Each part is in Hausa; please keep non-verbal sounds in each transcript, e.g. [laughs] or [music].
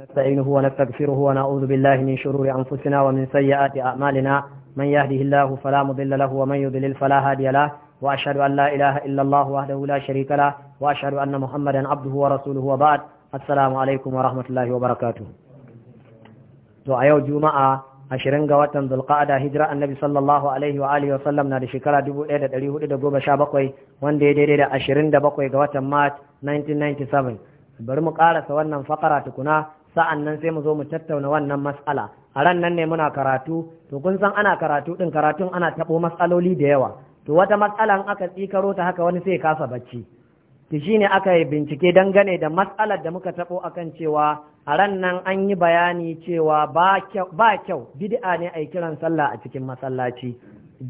ونستعينه ونستغفره ونعوذ بالله من شرور أنفسنا ومن سيئات أعمالنا من يهده الله فلا مضل له ومن يضلل فلا هادي له وأشهد أن لا إله إلا الله وحده لا شريك له وأشهد أن محمدا عبده ورسوله وبعد السلام عليكم ورحمة الله وبركاته to a yau juma'a ashirin ga watan zulqa'ada hijira annabi sallallahu alaihi wa alihi wasallam na da shekara 1417 wanda ya daidai da 27 ga watan mart 1997 bari mu karasa wannan fakara tukuna sa'an nan sai mu zo mu tattauna wannan matsala a ran nan ne muna karatu to kun san ana karatu ɗin, karatun ana tabo matsaloli da yawa to wata in aka tsikaro ta haka wani sai kasa bacci shi shine aka yi bincike gane da matsalar da muka tabo akan cewa a ran nan an yi bayani cewa ba kyau bid'a ne a kiran sallah a cikin masallaci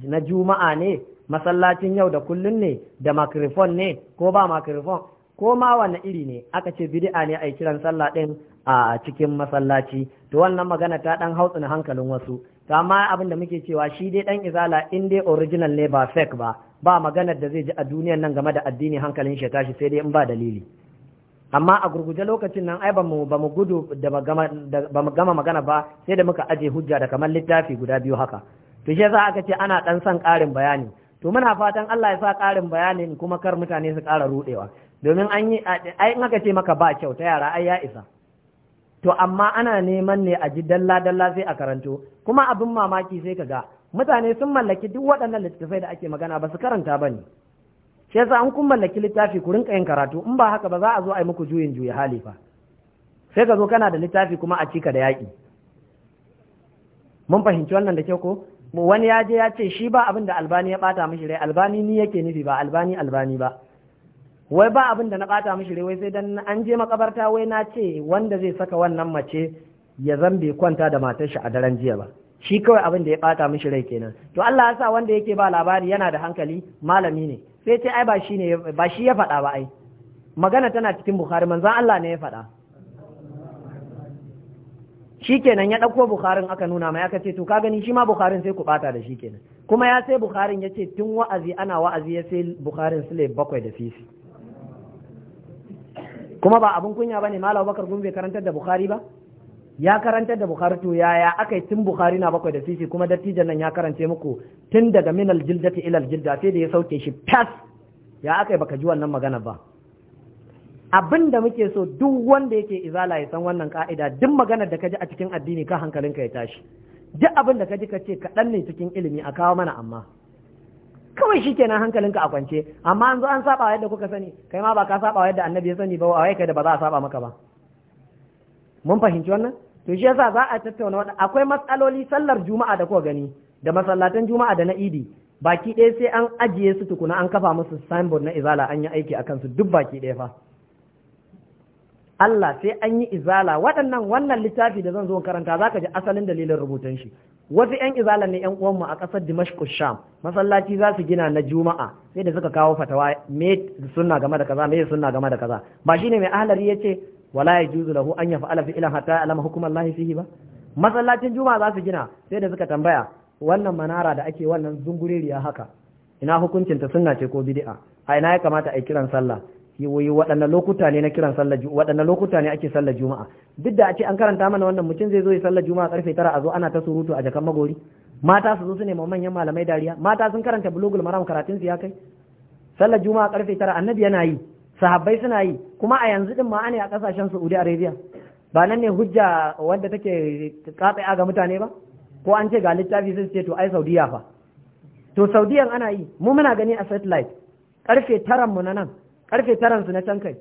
na juma'a ne masallacin yau da kullun ne da makrifon ne ko ba makrifon ko ma wani iri ne aka ce bid'a ne a kiran sallah ɗin? a cikin masallaci to wannan magana ta dan hautsina hankalin wasu to amma abin da muke cewa shi dai dan izala in dai original ne ba fake ba ba magana da zai ji a duniyar nan game da addini hankalin shi tashi sai dai in ba dalili amma a gurguje lokacin nan ai bamu bamu gudu da bamu gama magana ba sai da muka aje hujja da kamar littafi guda biyu haka to shi yasa aka ce ana dan son karin bayani to muna fatan Allah ya sa karin bayanin kuma kar mutane su kara rudewa domin an yi ai in aka ce maka ba kyau ta yara ai ya isa to amma ana neman ne a ji dalla dalla sai a karanto kuma abin mamaki sai ka ga mutane sun mallaki duk waɗannan littattafai da ake magana ba su karanta ba ne shi yasa an kun mallaki littafi ku rinka yin karatu in ba haka ba za a zo a yi muku juyin juya hali fa sai ka zo kana da littafi kuma a cika da yaƙi mun fahimci wannan da kyau ko wani ya je ya ce shi ba abin da albani ya ɓata mishi rai albani ni yake nufi ba albani albani ba wai ba abin da na bata mishi wai sai dan an je makabarta wai na ce wanda zai saka wannan mace ya zambe kwanta da matar shi a daren jiya ba shi kawai abin da ya bata mishi rai kenan to Allah ya sa wanda yake ba labari yana da hankali malami ne sai ce ai ba shi ne ba shi ya faɗa ba ai magana tana cikin Bukhari manzon Allah ne ya faɗa Shi kenan ya ɗauko Bukharin aka nuna mai aka ce to ka gani shi ma Bukharin sai ku bata da shi kenan kuma ya sai Bukharin ya ce tun wa'azi ana wa'azi ya sai Bukharin sule bakwai da sisi kuma ba abin kunya bane malam bakar gun bai karantar da bukhari ba ya karantar da bukhari to yaya aka yi tun bukhari na bakwai da sisi kuma dattijan nan ya karance muku tun daga minal jildati ilal jilda sai da ya sauke shi tas ya aka yi baka ji wannan magana ba abin da muke so duk wanda yake izala ya san wannan ka'ida duk maganar da ka ji a cikin addini ka hankalinka ya tashi duk abin da ka ji ka ce kaɗan ne cikin ilimi a kawo mana amma kawai shi kenan hankalinka a kwance amma an zo an saba yadda kuka sani kai ma ba ka saba yadda annabi ya sani ba wai kai da ba za a saba maka ba mun fahimci wannan to shi yasa za a tattauna wannan akwai matsaloli sallar juma'a da kuka gani da masallatan juma'a da na idi baki ɗaya sai an ajiye su tukuna an kafa musu signboard na izala an yi aiki akan su duk baki ɗaya fa Allah sai an yi izala waɗannan wannan littafi da zan zo karanta zaka ji asalin dalilin rubutun shi wasu yan izala ne yan uwanmu a ƙasar Dimashq Sham masallaci za su gina na Juma'a sai da suka kawo fatawa me sunna game da kaza me sunna game da kaza ba shine mai ahlari yace wala yajuzu lahu an yaf'ala ilan hatta alama hukumallahi fihi ba masallacin Juma'a za su gina sai da suka tambaya wannan manara da ake wannan zunguririya haka ina hukuncinta sunna ce ko bid'a a ina ya kamata a kiran sallah yi waɗanne lokuta ne na kiran sallar lokuta ne ake sallar juma'a duk da a ce an karanta mana wannan mutum zai zo ya sallar juma'a karfe tara a zo ana ta surutu a jakan magori mata su zo su nema manyan malamai dariya mata sun karanta bulugul maram karatun su ya kai sallar juma'a karfe tara annabi yana yi sahabbai suna yi kuma a yanzu din ma ne a kasashen saudi arabia ba nan ne hujja wanda take katsaya ga mutane ba ko an ce ga littafi sun ce to ai saudiya fa to saudiyan ana yi mu muna gani a satellite karfe tara mu na nan karfe taran su na can kai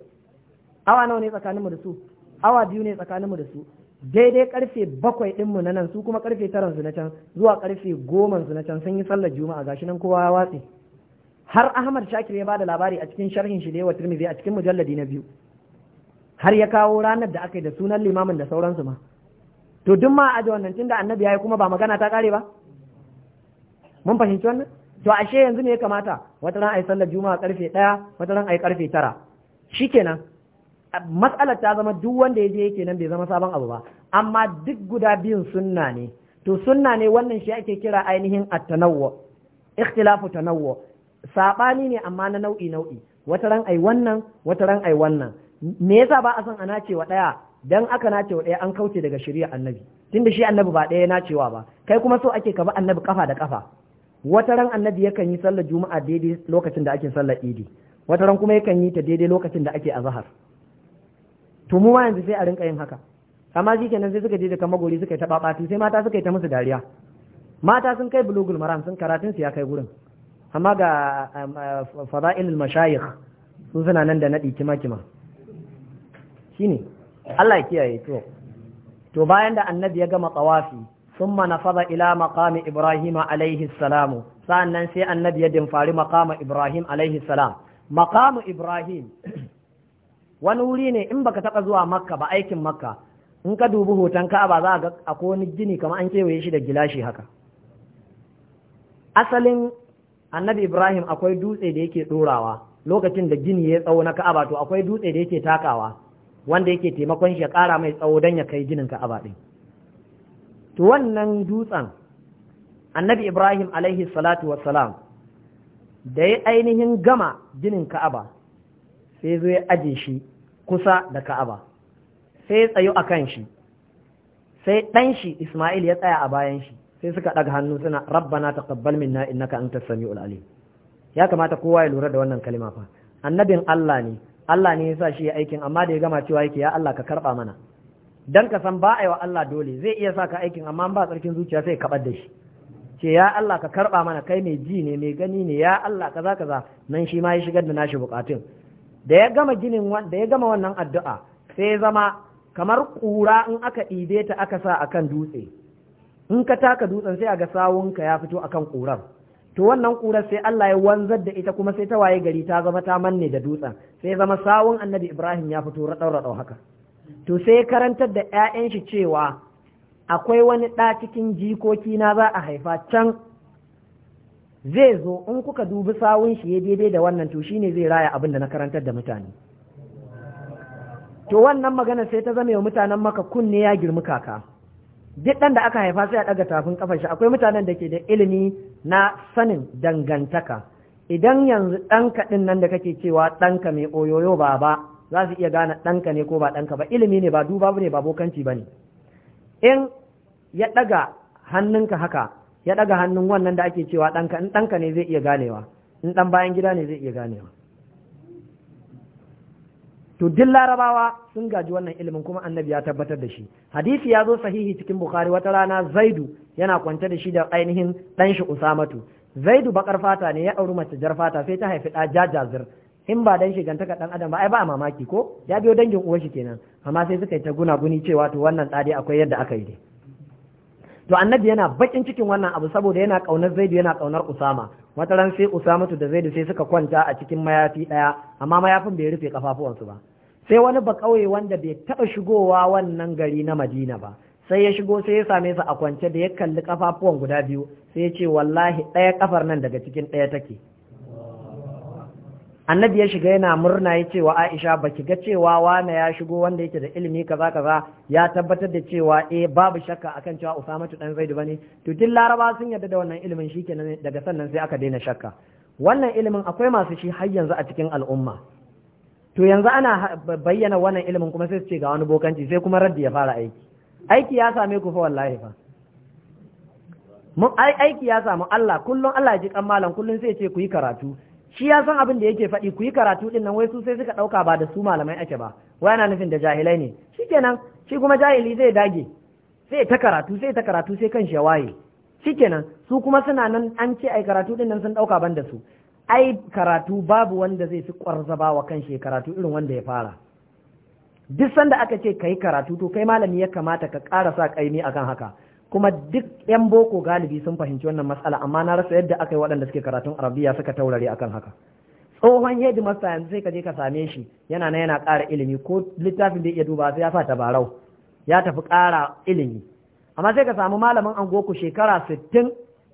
awa nawa ne mu da su awa biyu ne tsakaninmu da su daidai karfe bakwai ɗinmu na nan su kuma karfe taran su na can zuwa karfe goman su na can sun yi sallar juma'a gashi nan kowa ya watse har ahmad shakir ya bada labari a cikin sharhin shi da yawa tirmidhi a cikin mujalladi na biyu har ya kawo ranar da aka yi da sunan limamin da sauransu ma to duk ma a wannan tunda annabi ya yi kuma ba magana ta kare ba mun fahimci wannan to ashe yanzu me ya kamata wata ran ai sallar juma'a karfe 1 wata ran ai karfe 9 shikenan matsalar ta zama duk wanda ya je yake nan bai zama sabon abu ba amma duk guda biyun sunna ne to sunna ne wannan shi ake kira ainihin at-tanawwu ikhtilafu tanawwu sabani ne amma na nau'i nau'i wata ran ai wannan wata ran ai wannan me yasa ba a san ana cewa ɗaya? dan aka nace wa daya an kauce daga shari'a annabi tunda shi annabi ba daya cewa ba kai kuma so ake ka bi annabi kafa da kafa wata ran annabi yakan yi sallar juma'a daidai lokacin da ake sallar idi wata ran kuma yakan yi ta daidai lokacin da ake azhar to mu ma yanzu sai a rinka yin haka amma shi kenan sai suka je da magori suka yi ta babatu sai mata suka yi ta musu dariya mata sun kai bulugul maram sun karatun su ya kai gurin amma ga um, uh, fada'ilul mashayikh sun suna nan da nadi kima kima shine Allah ya kiyaye to to bayan da annabi ya gama tsawafi ثم نفض إلى مقام إبراهيم عليه السلام سأن سي النبي يدنفار مقام إبراهيم عليه السلام مقام إبراهيم ونوليني taɓa zuwa Makka ba aikin Makka in ka dubi hoton ka'aba za ga akwai wani gini kamar an kewaye shi da gilashi haka asalin annabi ibrahim akwai dutse da yake ɗorawa lokacin da gini ya tsawo na ka'aba to akwai dutse da yake takawa wanda yake taimakon shi ya ƙara mai tsawo don ya kai ginin ka'aba ɗin to wannan dutsen annabi ibrahim alaihi salatu salam da ya ainihin gama ginin ka'aba sai zo ya aje shi kusa da ka'aba sai ya tsayo a kan shi sai ɗan shi isma'il ya tsaya a bayan shi sai suka ɗaga hannu suna rabbana taqabbal minna innaka antas samiul alim ya kamata kowa ya lura da wannan kalima fa annabin Allah ne Allah ne ya sa shi ya aikin amma da ya gama cewa yake ya Allah ka karɓa mana dan ka san ba a yi wa Allah dole zai iya sa ka aikin amma ba tsarkin zuciya sai kabar da shi ce ya Allah ka karba mana kai mai ji ne mai gani ne ya Allah kaza kaza nan shi ma ya shigar da nashi bukatun da ya gama ginin da ya gama wannan addu'a sai zama kamar kura in aka ɗibe ta aka sa akan dutse in ka taka dutsen sai a ga sawunka ya fito akan kurar to wannan kurar sai Allah ya wanzar da ita kuma sai ta waye gari ta zama ta manne da dutsen sai zama sawun annabi Ibrahim ya fito raɗau raɗau haka to sai karantar da 'ya'yan shi cewa akwai wani ɗa cikin jikoki na za a haifa can zai zo in kuka dubi sawun shi ya daidai da wannan to ne zai raya abin da na karantar da mutane to wannan magana sai ta zama wa mutanen maka kunne ya girmi kaka duk ɗan da aka haifa sai a ɗaga tafin kafar shi akwai mutanen da ke da ilimi na sanin dangantaka idan yanzu ɗanka ɗin nan da kake cewa ɗanka mai oyoyo baba za su iya gane ɗanka ne ko ba ɗanka ba ilimi ne ba duba ne ba bokanci ba ne in ya ɗaga hannunka haka ya ɗaga hannun wannan da ake cewa ɗanka in ɗanka ne zai iya ganewa in ɗan bayan gida ne zai iya ganewa to duk larabawa sun gaji wannan ilimin kuma annabi ya tabbatar da shi hadisi ya zo sahihi cikin bukhari wata rana zaidu yana kwance da shi da ainihin ɗan shi usamatu zaidu bakar fata ne ya auri mace jar fata sai ta haifi ɗa jajazir in ba dan shigantaka dan adam ba ai ba mamaki ko ya biyo dangin uwar shi kenan amma sai suka yi ta guna-guni cewa to wannan tsari akwai yadda aka yi to annabi yana bakin cikin wannan abu saboda yana kaunar zaidu yana kaunar usama wata ran sai usamatu da zaidu sai suka kwanta a cikin mayafi daya amma mayafin bai rufe kafafuwansu ba sai wani ba kauye wanda bai taba shigowa wannan gari na madina ba sai ya shigo sai ya same su a kwance da ya kalli kafafuwan guda biyu sai ya ce wallahi ɗaya kafar nan daga cikin daya take annabi ya shiga yana murna ya ce wa aisha baki ga cewa wane ya shigo wanda yake da ilimi kaza kaza ya tabbatar da cewa eh babu shakka akan cewa usamatu dan zaidu bane to duk laraba sun yarda da wannan ilimin shikenan daga sannan sai aka daina shakka wannan ilimin akwai masu shi har yanzu a cikin al'umma to yanzu ana bayyana wannan ilimin kuma sai su ce ga wani bokanci sai kuma raddi ya fara aiki aiki ya same ku fa wallahi fa mun aiki ya samu Allah kullun Allah ya ji kan malam kullun sai ya ce ku yi karatu shi ya san abin da yake faɗi ku yi karatu ɗin nan wai su sai suka ɗauka ba da su malamai ake ba wai ana nufin da jahilai ne kenan shi kuma jahili zai dage sai ta karatu sai ta karatu sai kan shawaye. waye kenan su kuma suna nan an ce ai karatu ɗin nan sun ɗauka ban da su ai karatu babu wanda zai fi kwarzaba wa kan shi karatu irin wanda ya fara duk sanda aka ce kai karatu to kai malami ya kamata ka ƙara sa ƙaimi akan haka kuma duk yan boko galibi sun fahimci wannan matsala amma na rasa yadda aka yi waɗanda suke karatun arabiya suka taurare akan haka tsohon yadda masa yanzu sai ka je ka same shi yana na yana ƙara ilimi ko littafin da ya duba sai ya sa tabarau ya tafi ƙara ilimi amma sai ka samu malamin angoku shekara sittin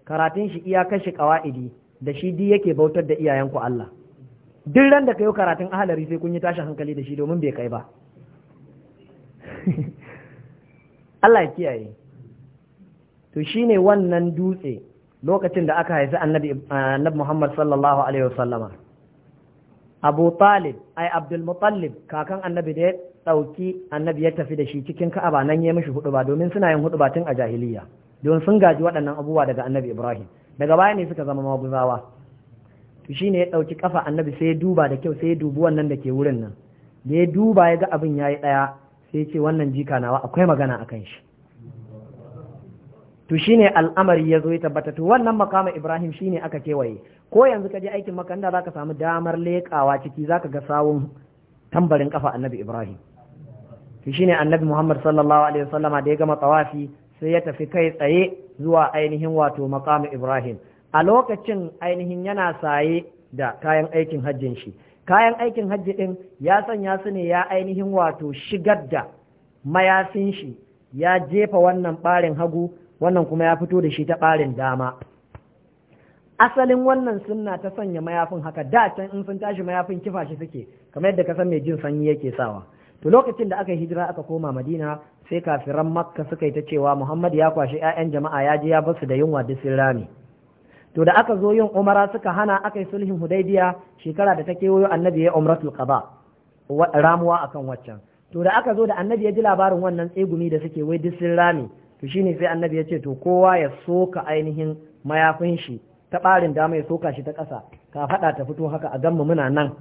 karatun shi iya kashe kawa'idi da shi di yake bautar da iyayen ku Allah duk ran da ka yi karatun ahalari sai kun yi tashin hankali da shi domin bai kai ba [laughs] Allah ya kiyaye to shi ne wannan dutse lokacin da aka haifi annabi annabi Muhammad sallallahu alaihi wasallama Abu Talib ai Abdul Muttalib kakan annabi da ya dauki annabi ya tafi da shi cikin Ka'aba nan ya mishi hudu ba domin suna yin hudu tun a jahiliya don sun gaji waɗannan abubuwa daga annabi Ibrahim daga baya ne suka zama maguzawa to shine ya dauki kafa annabi sai ya duba da kyau sai ya dubi wannan da ke wurin nan da ya duba ya ga abin yayi daya sai ya ce wannan jika nawa akwai magana a kan shi to shine al'amari ya zo ya tabbata to wannan makama ibrahim shine aka kewaye ko yanzu ka je aikin makanda ka samu damar lekawa ciki zaka ga sawun tambarin kafa annabi ibrahim to shine annabi muhammad sallallahu alaihi wasallama da ya gama tawafi sai ya tafi kai tsaye zuwa ainihin wato makama ibrahim a lokacin ainihin yana saye da kayan aikin hajjin shi kayan aikin hajji din ya sanya su ne ya ainihin wato shigar da mayafin shi ya jefa wannan barin hagu wannan kuma ya fito da shi ta ɓarin dama asalin wannan sunna ta sanya mayafin haka da can in sun tashi mayafin kifa shi suke kamar yadda ka san mai jin sanyi yake sawa to lokacin da aka yi hijira aka koma madina sai kafiran makka suka yi ta cewa muhammad ya kwashi 'ya'yan jama'a ya je ya bar su da yunwa duk sun rame to da aka zo yin umara suka hana aka yi sulhin hudaybiya shekara da ta kewayo annabi ya umratul qada ramuwa akan waccan to da aka zo da annabi ya ji labarin wannan tsegumi da suke wai duk sun rame to shine sai annabi ya ce to kowa ya soka ainihin mayafin shi ta ɓarin dama ya soka shi ta ƙasa ka faɗa ta fito haka a ganmu muna nan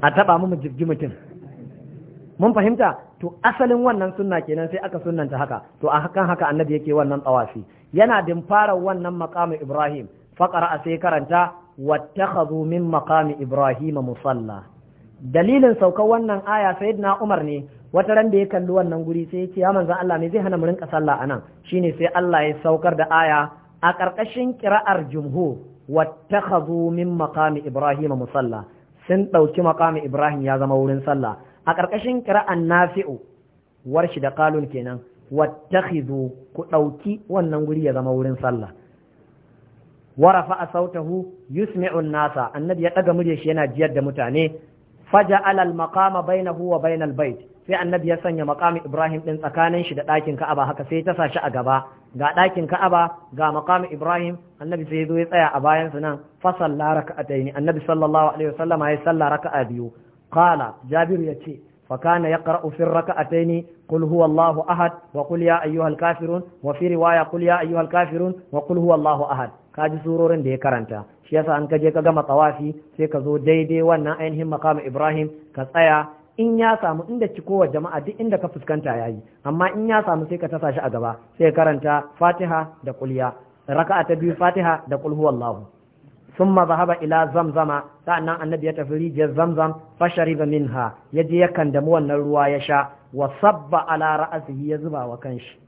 a taɓa mu jirgi mutum mun fahimta to asalin wannan sunna kenan sai aka sunnanta haka to a hakan haka annabi yake wannan tsawafi yana din fara wannan maqami ibrahim faqara sai karanta wattakhadhu min maqami ibrahim musalla dalilin saukar wannan aya na Umar ne wata ran da ya kalli wannan guri sai ya ce ya manzan Allah ne zai hana mu rinka sallah anan shine sai Allah ya saukar da aya a ƙarƙashin kira'ar jumhur wattakhadhu min maqami ibrahim musalla sun ɗauki maqami ibrahim ya zama wurin sallah a ƙarƙashin kira'an nafi'u warshi da kalun kenan wattakhidhu ku ɗauki wannan guri ya zama wurin sallah warafa a sautahu yusmi'un nasa annabi ya ɗaga murya shi yana jiyar da mutane faja alal maqama bainahu wa bainal bait sai annabi ya sanya maqami ibrahim din tsakanin shi da ɗakin ka'aba haka sai ta sashi a gaba ga ɗakin ka'aba ga maqami ibrahim annabi sai zo ya tsaya a bayan su nan fa salla raka'ataini annabi sallallahu alaihi wasallama ya salla raka'a biyu qala jabiru yace ce, Fakana ya الركعتين قل هو الله أحد وقل يا أيها الكافرون وفي رواية قل يا أيها الكافرون وقل هو الله أحد كاج da ya karanta. shi yasa an kaje ka gama tawafi sai ka zo daidai wannan ainihin makamu ibrahim ka tsaya in ya samu inda cikowa jama'a duk inda ka fuskanta yayi amma in ya samu sai ka tasa shi a gaba sai karanta fatiha da kulya raka'a ta biyu fatiha da kul huwallahu tafi ذهب zamzam fa shariba minha يتفري جي زمزم wannan ruwa ya sha wa sabba ala ya ya zuba wa kanshi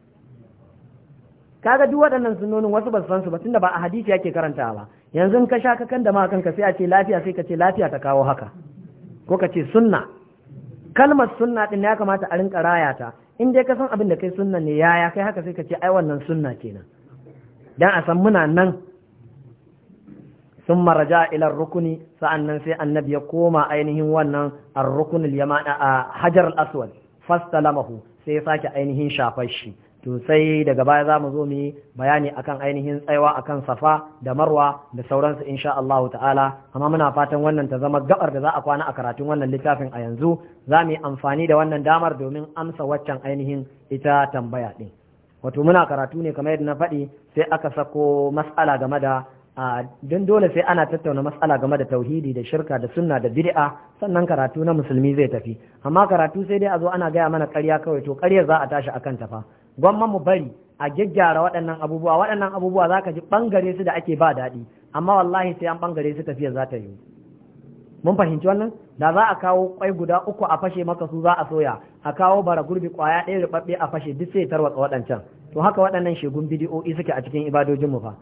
kaga duk waɗannan sunonin wasu ba su san su ba tunda ba a hadisi yake ba. yanzu ka sha kakan da makan ka sai a ce lafiya sai ka ce lafiya ta kawo haka ko ka ce sunna kalmar sunna din ya kamata a rinka raya ta in dai ka san abin da kai sunna ne yaya kai haka sai ka ce ai wannan sunna kenan dan a san muna nan sun maraja ilar rukuni sa'annan sai annabi ya koma ainihin wannan ar-rukun yamana a hajar al-aswad fastalamahu sai ya sake ainihin shafar shi to sai daga baya za mu zo mu bayani akan ainihin tsaiwa akan safa da marwa da sauransu insha Allahu ta'ala amma muna fatan wannan ta zama gabar da za a kwana a karatun wannan littafin a yanzu za mu yi amfani da wannan damar domin amsa waccan ainihin ita tambaya din wato muna karatu ne kamar yadda na faɗi sai aka sako mas'ala game da don dole sai ana tattauna matsala game da tauhidi da shirka da sunna da bid'a sannan karatu na musulmi zai tafi amma karatu sai dai a zo ana gaya mana ƙarya kawai to ƙaryar za a tashi akan tafa gwamma mu bari a gyaggyara waɗannan abubuwa waɗannan abubuwa za ka ji ɓangare su da ake ba daɗi amma wallahi sai an ɓangare su tafiya za ta yi mun fahimci wannan da za a kawo kwai guda uku a fashe maka su za a soya a kawo bara gurbi kwaya ɗaya ruɓaɓɓe a fashe duk sai tarwatsa waɗancan to haka waɗannan shegun bidi'o'i suke a cikin ibadojinmu fa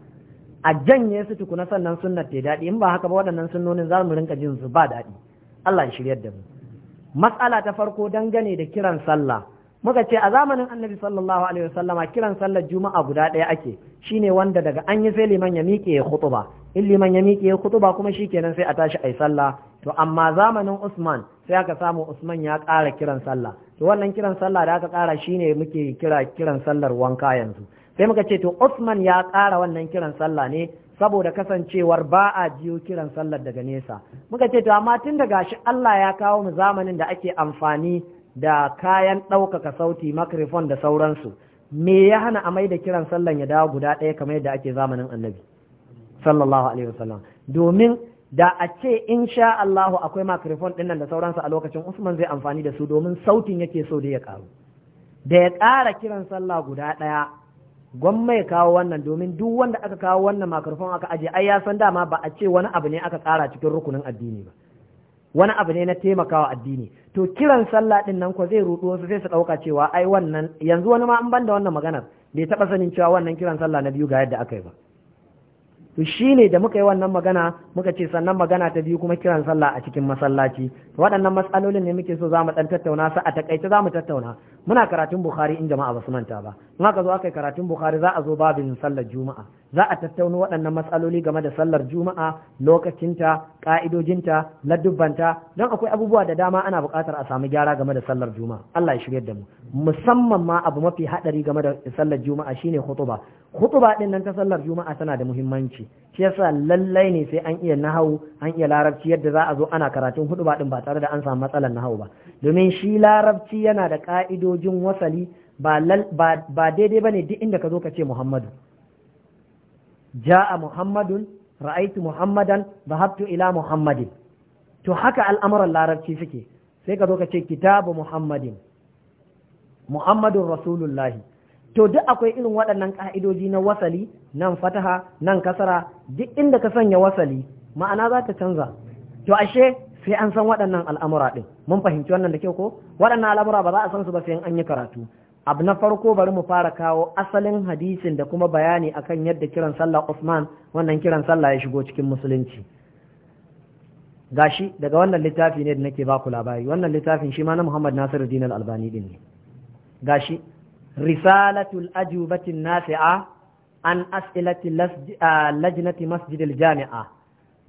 a janye su tukuna sannan sunnar ta daɗi in ba haka ba waɗannan sunnonin za mu rinka jin su ba daɗi Allah ya shiryar da mu matsala ta farko dangane da kiran sallah muka ce a zamanin annabi sallallahu alaihi wasallama kiran sallar juma'a guda ɗaya ake shine wanda daga an yi sai liman ya miƙe ya khutuba in liman ya miƙe ya khutuba kuma shikenan sai a tashi ayi sallah to amma zamanin Usman sai aka samu Usman ya ƙara kiran sallah to wannan kiran sallah da aka ƙara shine muke kira kiran sallar wanka yanzu sai muka ce to Usman ya ƙara wannan kiran sallah ne saboda kasancewar ba a jiyo kiran sallar daga nesa muka ce to amma tun da gashi Allah ya kawo mu zamanin da ake amfani da kayan ɗaukaka sauti makrifon da sauransu me ya hana a maida kiran sallan ya dawo guda ɗaya kamar yadda ake zamanin annabi sallallahu alaihi wasallam domin da a ce in sha Allahu akwai microphone ɗin nan da sauransu a lokacin Usman zai amfani da su domin sautin yake so da ya ƙaru da ya ƙara kiran sallah guda ɗaya gwamma ya kawo wannan domin duk wanda aka kawo wannan microphone aka ajiye. ai ya san dama ba a ce wani abu ne aka ƙara cikin rukunin addini ba wani abu ne na taimakawa addini to kiran sallah din nan ko zai rudu wasu sai su dauka cewa ai wannan yanzu wani ma an banda wannan maganar bai taba sanin cewa wannan kiran sallah na biyu ga yadda aka yi ba to shine da muka yi wannan magana muka ce sannan magana ta biyu kuma kiran sallah a cikin masallaci waɗannan matsalolin ne muke so za mu dan tattauna su a takaice za mu tattauna muna karatun bukhari in jama'a ba su manta ba in aka zo aka yi karatun bukhari za a zo babin sallar juma'a za a tattauna waɗannan matsaloli game da sallar juma'a lokacinta ka'idojinta ladubbanta don akwai abubuwa da dama ana buƙatar a samu gyara game da sallar juma'a Allah ya shirye da mu musamman ma abu mafi haɗari game da sallar juma'a shine khutuba khutuba din nan ta sallar juma'a tana da muhimmanci shi yasa lallai ne sai an iya nahawu an iya larabci yadda za a zo ana karatun huɗuba din ba tare da an samu matsalar nahawu ba domin shi larabci yana da ka'idoji sojojin wasali ba daidai ba ne duk inda ka zo ka ce muhammadu ja'a muhammadun ra'aitu muhammadan haftu ila muhammadin to haka al'amuran larabci suke sai ka zo ka ce kitabu muhammadin muhammadun rasulullahi to duk akwai irin waɗannan ƙa'idoji na wasali nan fataha nan kasara duk inda ka sanya wasali ma'ana za ta canza to ashe sai an san waɗannan al'amura ɗin mun fahimci wannan da kyau ko waɗannan al'amura ba za a san su ba sai an yi karatu abu na farko bari mu fara kawo asalin hadisin da kuma bayani akan yadda kiran sallah Usman wannan kiran sallah ya shigo cikin musulunci gashi daga wannan littafi ne da nake ba ku labari wannan littafin shi ma na Muhammad Nasiruddin Al-Albani din ne gashi risalatul ajubatin nafi'a an as'ilati lajnati masjidil jami'a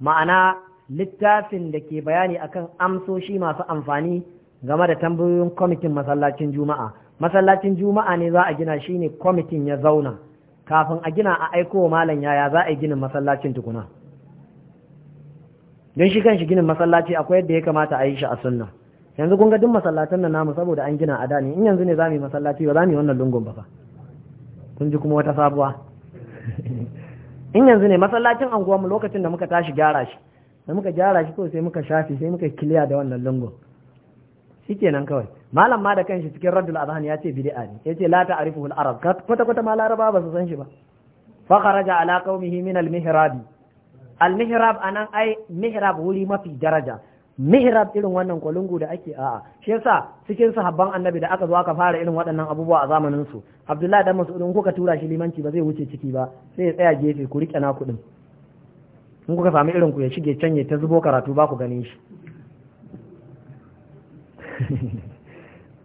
ma'ana littafin da ke bayani akan amsoshi masu amfani game da tambayoyin kwamitin masallacin juma'a masallacin juma'a ne za a gina shi ne kwamitin ya zauna kafin a gina a aiko wa malam yaya za a yi ginin masallacin tukuna don shi kan shi ginin masallaci akwai yadda ya kamata a yi shi a sunna yanzu kun ga duk masallatan nan namu saboda an gina a da ne in yanzu ne za mu yi masallaci ba za mu yi wannan lungun ba fa kun ji kuma wata sabuwa [laughs] in yanzu ne masallacin anguwanmu lokacin da muka tashi gyara shi da muka gyara shi ko sai muka shafi sai muka kiliya da wannan lungun shikenan kawai malam ma da kanshi cikin raddul azhan ya ce bid'a ne yace la ta'rifu al arab kwata kwata ma laraba ba su san shi ba fa kharaja ala qaumihi min al mihrab al mihrab anan ai mihrab wuri mafi daraja mihrab irin wannan kwalungu da ake a'a shi yasa cikin sahabban annabi da aka zo aka fara irin waɗannan abubuwa a zamanin su abdullahi dan mas'udin kuka tura shi limanci ba zai wuce ciki ba sai ya tsaya gefe ku rike na kuɗin in kuka sami irin ku ya shige can ya ta zubo karatu ba ku ganin shi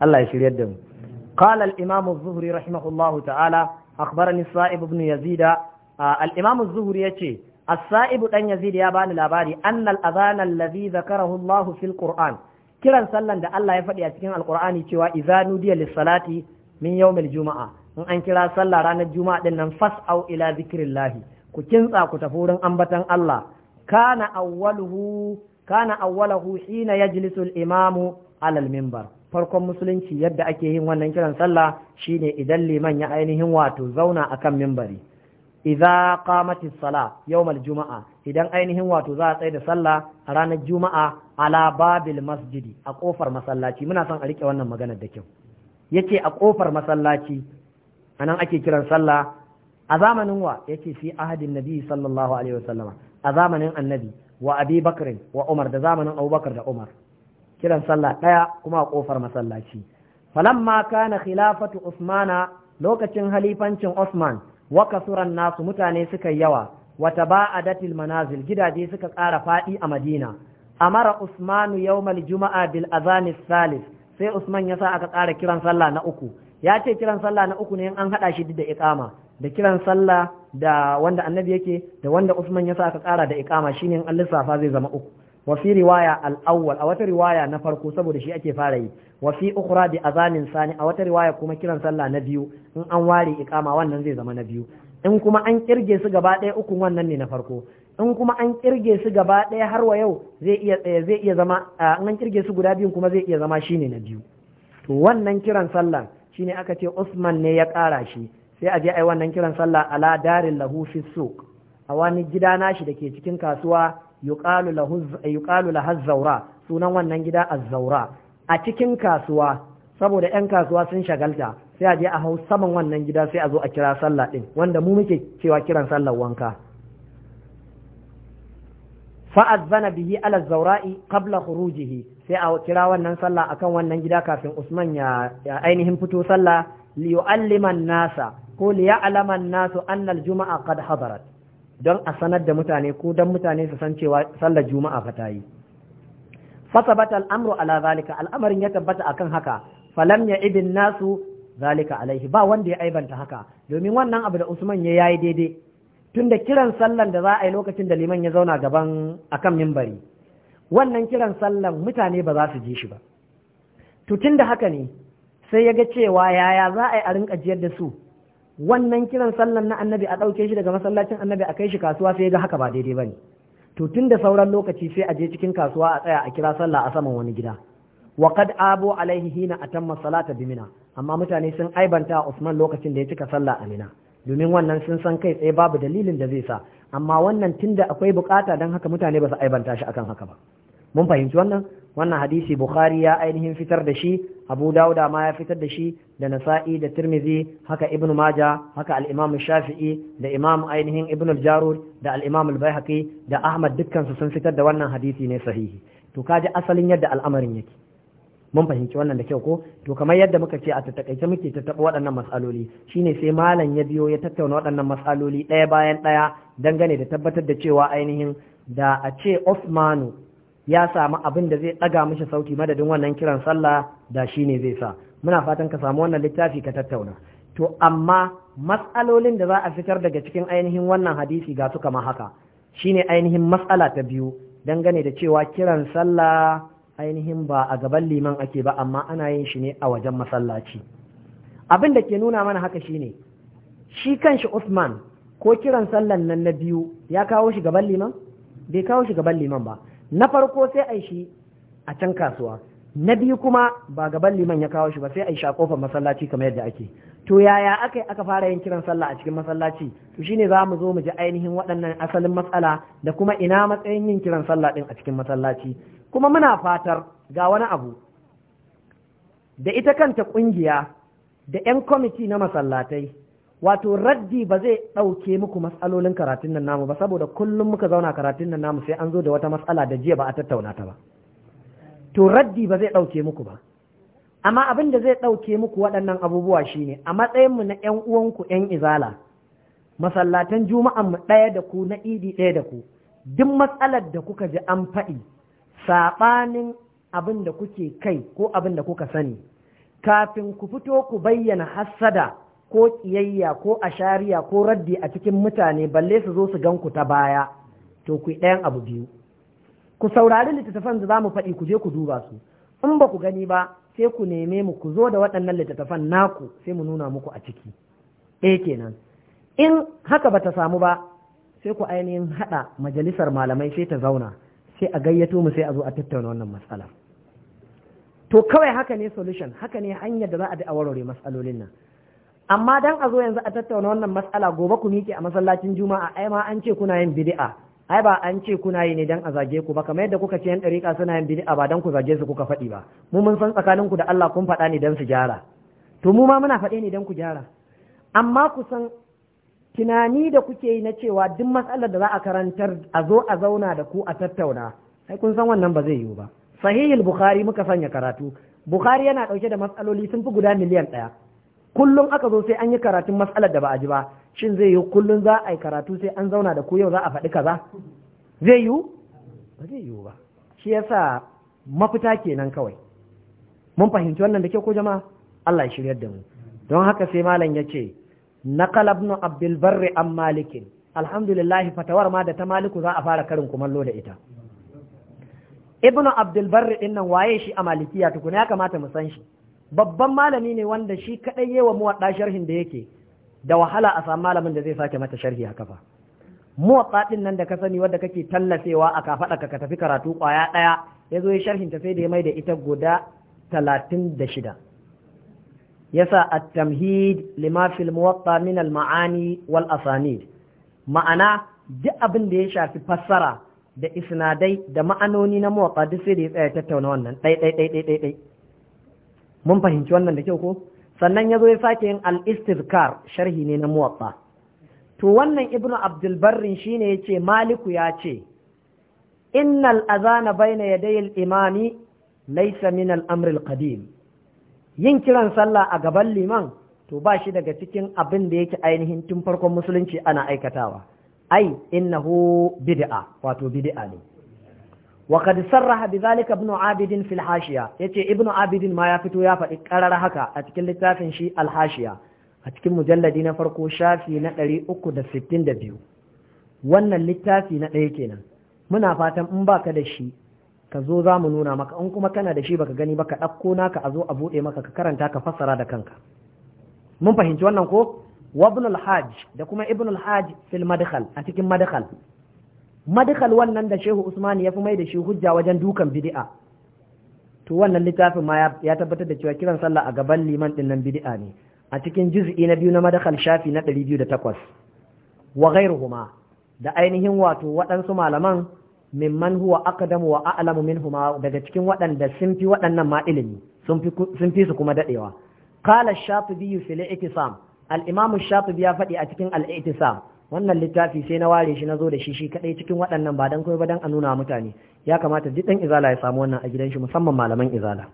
Allah ya shiryar da mu قال الإمام الزهري رحمه الله تعالى أخبرني الصائب بن يزيد الإمام الزهري يتي الصائب بن يزيد يابان الأباري أن الأذان الذي ذكره الله في القرآن كلا سلا دا الله يفدي أتكين القرآن يتوى إذا نودي للصلاة من يوم الجمعة إن أن كلا سلا رانا الجمعة لنن فاسعوا إلى ذكر الله ku kintsa ku tafi wurin ambatan Allah kana awwaluhu kana awwalahu hina yajlisu al-imamu ala al-minbar farkon musulunci yadda ake yin wannan kiran sallah shine idan liman ya ainihin wato zauna akan minbari idza qamati sala al juma'a idan ainihin wato za a tsaya da sallah a ranar juma'a ala babil masjidi a kofar masallaci muna son a rike wannan magana da kyau yace a kofar masallaci anan ake kiran sallah a zamanin wa yace fi ahadin nabi sallallahu alaihi wasallama a zamanin annabi wa abi wa umar da zamanin abubakar da umar kiran sallah daya kuma a kofar masallaci falamma kana khilafatu usmana lokacin halifancin usman wa kasuran nasu mutane suka yawa wa taba'adatil manazil gidaje suka ƙara fadi a madina amara usmanu yawmal juma'a bil azani salis sai usman yasa aka ƙara kiran sallah na uku ya ce kiran sallah na uku ne an hada shi da iqama da kiran sallah da wanda annabi yake da wanda Usman ya sa aka kara da ikama shine an lissafa zai zama uku wa fi riwaya al-awwal a wata riwaya na farko saboda shi ake fara yi wa fi ukhra bi azanin sani a wata riwaya kuma kiran sallah na biyu in an ware ikama wannan zai zama na biyu in kuma an kirge su gaba ɗaya ukun wannan ne na farko in kuma an kirge su gaba ɗaya har wa yau zai iya eh, zai iya zama eh, in an kirge su guda biyun kuma zai iya zama shine na biyu to wannan kiran sallah shine aka ce Usman ne ya ƙara shi sai a je a yi wannan kiran sallah ala darin lahu fi suq a wani gida nashi da ke cikin kasuwa yuqalu lahu yuqalu zaura sunan wannan gida az-zaura a cikin kasuwa saboda yan kasuwa sun shagalta sai a je a hau saman wannan gida sai a zo a kira sallah din wanda mu muke cewa kiran sallah wanka azana bihi ala zaura'i qabla khurujihi sai a kira wannan sallah akan wannan gida kafin Usman ya ainihin fito sallah liyu'alliman nasa ko liya alaman nasu annal juma'a qad hadarat don a sanar da mutane ko don mutane su san cewa sallar juma'a fa ta yi fasabata al'amru ala zalika al'amarin ya tabbata akan haka falam ya ibin nasu zalika alaihi ba wanda ya aibanta haka domin wannan abu da usman ya yayi daidai tunda kiran sallan da za a yi lokacin da liman ya zauna gaban akan mimbari wannan kiran sallan mutane ba za su ji shi ba to tunda haka ne sai ya ga cewa yaya za a yi a rinka jiyar da su wannan kiran sallan na annabi a ɗauke shi daga masallacin annabi a kai shi kasuwa sai ga haka ba daidai ba ne to tun da sauran lokaci sai a je cikin kasuwa a tsaya a kira sallah a saman wani gida wa qad abu alaihi hina atamma salata bimina amma mutane sun aibanta Usman lokacin da ya cika sallah a Mina domin wannan sun san kai tsaye babu dalilin da zai sa amma wannan tunda akwai bukata don haka mutane ba su aibanta shi akan haka ba mun fahimci wannan wannan hadisi bukhari ya ainihin fitar da shi abu dauda ma ya fitar da shi da nasa'i da tirmizi haka ibnu maja haka al-imam shafi'i da imam ainihin ibnu jarud da al-imam al-baihaqi da ahmad dukkan su sun fitar da wannan hadisi ne sahihi to kaji asalin yadda al'amarin yake mun fahimci wannan da kyau ko to kamar yadda muka ce a takaice muke tattaɓa waɗannan matsaloli shine sai malam ya biyo ya tattauna waɗannan matsaloli ɗaya bayan ɗaya dangane da tabbatar da cewa ainihin da a ce Osmanu ya samu abin da zai ɗaga mishi sauki madadin wannan kiran sallah da shi ne zai sa muna fatan ka samu wannan littafi ka tattauna to amma matsalolin da za a fitar daga cikin ainihin wannan hadisi ga su kama haka shine ainihin matsala ta biyu dangane da cewa kiran sallah ainihin ba a gaban liman ake ba amma ana yin shi ne a wajen masallaci abin da ke nuna mana haka shine shi kanshi Usman ko kiran sallan nan na biyu ya kawo shi gaban liman bai kawo shi gaban liman ba na farko sai a shi a can kasuwa na biyu kuma ba gaban liman ya kawo shi ba sai a yi shi kofar masallaci kamar yadda ake to yaya aka aka fara yin kiran sallah a cikin masallaci to shine za mu zo mu ji ainihin waɗannan asalin matsala da kuma ina matsayin yin kiran sallah din a cikin masallaci kuma muna fatar ga wani abu da ita kanta ƙungiya da 'yan kwamiti na masallatai wato raddi ba zai ɗauke muku matsalolin karatun nan namu ba saboda kullum muka zauna karatun nan namu sai an zo da wata matsala da jiya ba a tattauna ta ba to raddi ba zai ɗauke muku ba amma abin da zai ɗauke muku waɗannan abubuwa shine a matsayin mu na 'yan uwanku 'yan izala masallatan juma'an mu ɗaya da ku na idi ɗaya da ku duk matsalar da kuka ji an faɗi saɓanin abin da kuke kai ko abin da kuka sani kafin ku fito ku bayyana hassada ko ƙiyayya ko ashariya ko raddi a cikin mutane balle su zo su gan ku ta baya to ku ɗayan abu biyu ku saurari littattafan da za mu faɗi ku je ku duba su in ba ku gani ba sai ku neme mu ku zo da waɗannan littattafan naku sai mu nuna muku a ciki E kenan in haka ba ta samu ba sai ku ainihin haɗa majalisar malamai sai ta zauna sai a gayyato mu sai a zo a tattauna wannan matsala. to kawai haka ne solution haka ne hanyar da za a bi a warware matsalolin nan amma dan a zo yanzu a tattauna wannan matsala gobe ku miƙe a masallacin juma'a ai ma an ce kuna yin bid'a ai ba an ce kuna yi ne dan a zage ku ba kamar yadda kuka ce yan dariƙa suna yin bid'a ba dan ku zage su kuka faɗi ba mu mun san tsakanin ku da Allah kun faɗa ne dan su gyara to mu ma muna faɗi ne dan ku gyara amma ku san tunani da kuke yi na cewa duk matsalar da za a karantar a zo a zauna da ku a tattauna ai kun san wannan ba zai yiwu ba sahihul bukhari muka sanya karatu bukhari yana ɗauke da matsaloli sun fi guda miliyan ɗaya kullum aka zo sai an yi karatun matsalar da ba a ji ba shin zai yi kullum za a yi karatu sai an zauna da ku yau za a faɗi kaza zai yi ba zai yi ba shi yasa mafita kenan kawai mun fahimci wannan da ke ko jama'a Allah ya shiryar da mu don haka sai malam ya ce naqala ibn abdul barri an malikin alhamdulillah fatawar ma da ta maliku za a fara karin kumallo da ita ibn abdul barri din nan waye shi a malikiya tukuna ya kamata mu san shi babban malami ne wanda shi kaɗai yawa muwaɗa sharhin da yake da wahala a samu malamin da zai sake mata sharhi haka fa muwaɗa ɗin nan da ka sani wadda kake tallafewa a kafaɗa ka tafi karatu ƙwaya ɗaya ya zo ya sharhin ta sai da ya mai da ita guda talatin da shida yasa at-tamhid lima fil muwatta min al-ma'ani wal asanid ma'ana duk abin da ya shafi fassara da isnadai da ma'anoni na muwatta duk sai da ya tsaya tattauna wannan ɗai ɗai ɗai ɗai ɗai mun fahimci wannan da kyau ko sannan ya zo ya sake yin al-istizkar sharhi ne na muwatta to wannan ibnu abdul barrin shine yace maliku ya ce innal azana baina ya al-imami laysa min al-amr al-qadim yin kiran sallah a gaban liman to ba shi daga cikin abin da yake ainihin tun farkon musulunci ana aikatawa ai innahu bid'a wato bid'a ne وقد صرح بذلك ابن عابد في الحاشية يتي ابن عابد ما يفتو يفت قرر هكا أتكل لتافن شي الحاشية أتكل مجلد نفرقو شافي نقري أكد ستين دبيو وانا لتافي نقريكينا منا فاتم مباك دشي كزو زام نونا مكا انكو مكانا دشي بك غني بك أكونا كأزو أبو إيه مكا ككرن تاك فسرا دكانك من فهمت وانا نقو وابن الحاج دكما ابن الحاج في المدخل أتكل مدخل madkhal wannan da Shehu Usman ya fi mai da shi hujja wajen dukan bid'a to wannan littafin ma ya tabbatar da cewa kiran sallah a gaban liman din nan bid'a ne a cikin juz'i na biyu na madkhal shafi na 208 wa ghairuhuma da ainihin wato waɗansu malaman mimman huwa aqdamu wa a'lamu minhuma daga cikin waɗanda sun fi waɗannan ma ilimi sun fi su kuma dadewa qala ash-shafi'i fi al-i'tisam al-imam ash ya faɗi a cikin al-i'tisam wannan littafi sai na ware shi na zo da shi shi kaɗai cikin waɗannan ba dan koyo ba dan a nuna mutane ya kamata duk dan izala ya samu wannan a gidan shi musamman malaman izala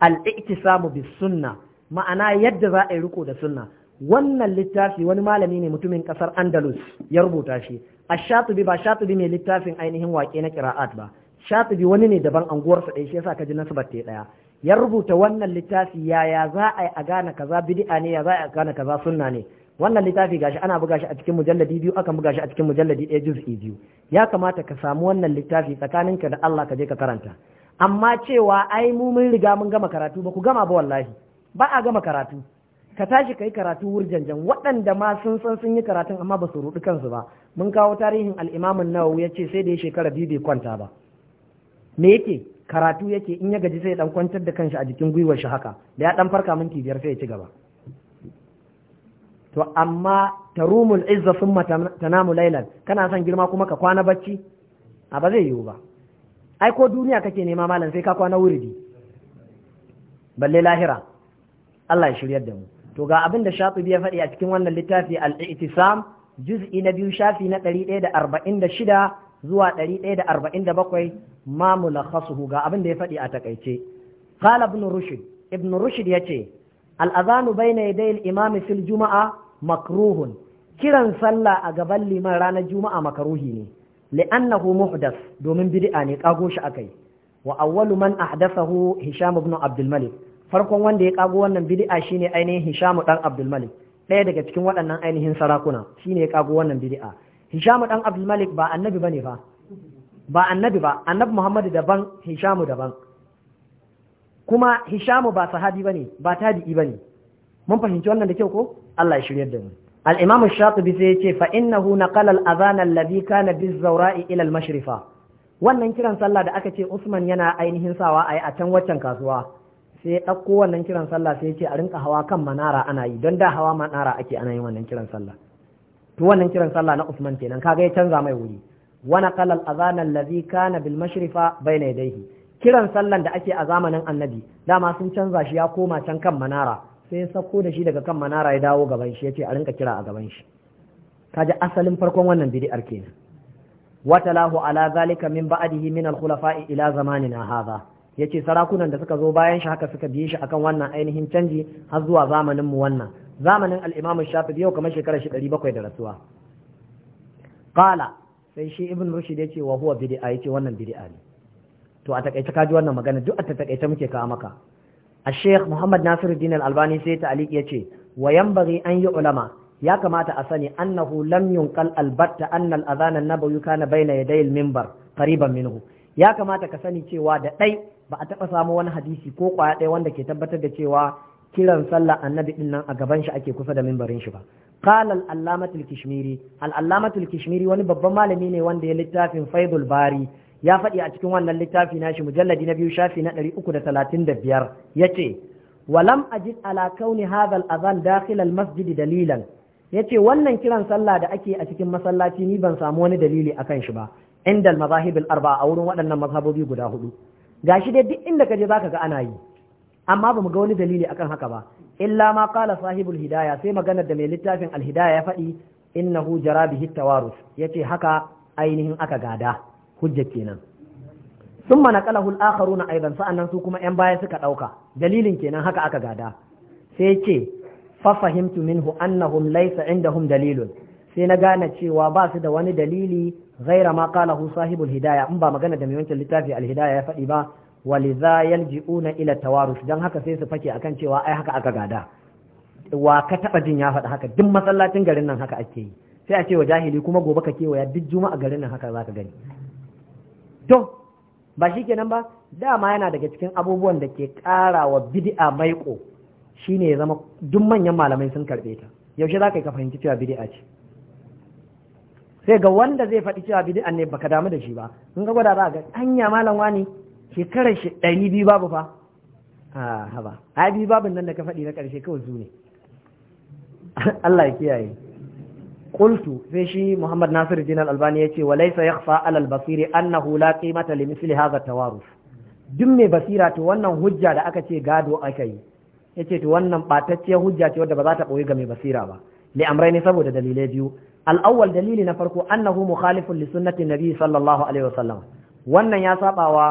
al samu bi sunna ma'ana yadda za a yi riko da sunna wannan littafi wani malami ne mutumin kasar andalus ya rubuta shi a shatubi ba shatubi mai littafin ainihin wake na kira'at ba shatubi wani ne daban anguwarsa ɗaya shi yasa ka ji nasabar ta ɗaya ya rubuta wannan littafi yaya za a yi a gane kaza bid'a ne ya za a gane kaza sunna ne wannan littafi gashi ana buga shi a cikin mujalladi biyu akan buga shi a cikin mujalladi ɗaya juz'i biyu ya kamata ka samu wannan littafi tsakaninka da Allah ka je ka karanta amma cewa ai mu mun riga mun gama karatu ba ku gama ba wallahi ba a gama karatu ka tashi kai karatu wurjanjan waɗanda ma sun san sun yi karatu amma ba su rudu kansu ba mun kawo tarihin al-Imam an-Nawawi yace sai da ya shekara biyu bai kwanta ba me yake karatu yake in ya gaji sai ya dan kwantar da kanshi a jikin gwiwar shi haka da ya dan farka minti biyar sai ya ci gaba to amma tarumul izza summa namu lailan kana son girma kuma ka kwana bacci a ba zai yiwu ba ai ko duniya kake nema malam sai ka kwana wuridi balle lahira Allah ya shiryar da mu to ga abin da shatibi ya faɗi a cikin wannan littafi al-i'tisam juz'i na biyu shafi na 146 zuwa 147 ma mulakhasuhu ga abin da ya faɗi a takaice qala ibn rushd ibn rushd yace al-adhanu bayna yaday al-imam fil juma'a makruhun kiran sallah a gaban liman ranar juma'a makaruhi ne li'annahu muhdas domin bid'a ne kago shi akai wa awwalu man ahdathahu hisham ibn abdul malik farkon wanda ya kago wannan bid'a shine ainihin hisham dan abdul malik ɗaya daga cikin waɗannan ainihin sarakuna shine ya kago wannan bid'a hisham dan abdul malik ba annabi bane fa ba annabi ba annabi muhammadu daban hishamu daban kuma hishamu ba sahabi bane ba tabi'i bane mun fahimci wannan da kyau ko Allah ya shiryar da mu al-imam shatibi sai yace fa innahu naqala al-adhan alladhi kana biz-zawra'i ila al-mashrifa wannan kiran sallah da aka ce Usman yana ainihin sawa ai a can waccan kasuwa sai ya ɗauko wannan kiran sallah sai yace a rinka hawa kan manara ana yi don da hawa manara ake ana yin wannan kiran sallah to wannan kiran sallah na Usman kenan kaga ya canza mai wuri wa naqala al-adhan alladhi kana bil mashrifa bayna yadayhi kiran sallan da ake a zamanin annabi dama sun canza shi ya koma can kan manara sai ya sauko da shi daga kan manara ya dawo gaban shi ya ce a rinka kira a gaban shi kaji asalin farkon wannan bidi'ar kenan watalahu ala zalika min ba'dihi min al-khulafa'i ila zamanina hadha yace sarakunan da suka zo bayan shi haka suka biye shi akan wannan ainihin canji har zuwa zamanin mu wannan zamanin al-imam shafi'i yau kamar shekarar shi 700 da rasuwa qala sai shi ibn rushd yace wa huwa bid'a yace wannan bid'a ne to a takaice kaji wannan magana duk a takaice muke kawo maka a sheikh muhammad Nasiru al-albani sai ta aliki yace wa yanbaghi an yi ulama ya kamata a sani annahu lam yunqal albatta annal azanan na an-nabawi kana bayna yaday al-minbar minhu ya kamata ka sani cewa da ɗai ba a taɓa samo wani hadisi ko kwaya ɗaya wanda ke tabbatar da cewa kiran sallah annabi din nan a gaban shi ake kusa da minbarin shi ba قال العلامة الكشميري العلامة الكشميري wani babban malami ne wanda ya littafin faidul bari ya faɗi a cikin wannan littafi nashi mujalladi na biyu shafi na ɗari da talatin Ya yace walam ajid ala kauni hadha al-adhan dakhil al-masjid dalilan yace wannan kiran sallah da ake a cikin masallaci ni ban samu wani dalili akan shi ba inda al-mazahib al-arba'a a wurin waɗannan mazhabobi guda hudu gashi dai duk inda kaje zaka ga ana yi amma bamu ga wani dalili akan haka ba illa ma qala sahibul hidaya sai maganar da mai littafin al-hidaya ya faɗi innahu jara bihi tawarus yace haka ainihin aka gada hujja kenan sun mana kala kalahul na aidan sa'annan su kuma yan baya suka ɗauka. dalilin kenan haka aka gada sai ce fafahimtu fahimtu minhu annahum laysa indahum dalilun sai na gane cewa ba su da wani dalili ghaira ma qalahu sahibul hidaya in ba magana da mai wancan littafi al hidaya ya faɗi ba waliza yalji'una ila tawarush. dan haka sai su fake akan cewa ai haka aka gada wa ka taba jin ya faɗi haka duk masallacin garin nan haka ake yi sai a ce wa jahili kuma gobe ka kewaya duk juma'a garin nan haka zaka gani don ba shi kenan ba dama yana daga cikin abubuwan da ke ƙara wa bidi'a maiƙo shine ya zama duk manyan malamai sun karɓe ta yaushe za ka ka fahimci cewa bidi'a ce sai ga wanda zai faɗi cewa bidia ne baka damu da shi ba in ga gwada za ga hanya malam wani shekarar shi ɗari biyu babu fa a haba ai biyu babu nan da ka faɗi na ƙarshe kawai zu ne [laughs] Allah ya kiyaye qultu sai shi Muhammad Nasir Jinal Albani ya ce laysa yakhfa ala basiri annahu la qimata li misli hadha duk mai basira to wannan hujja da aka ce gado akayi. yi yace to wannan batacciyar hujja ce wadda ba za ta boye ga mai basira ba li amrayni saboda dalilai biyu al dalili na farko annahu mukhalifun li sunnati nabi sallallahu wannan ya sabawa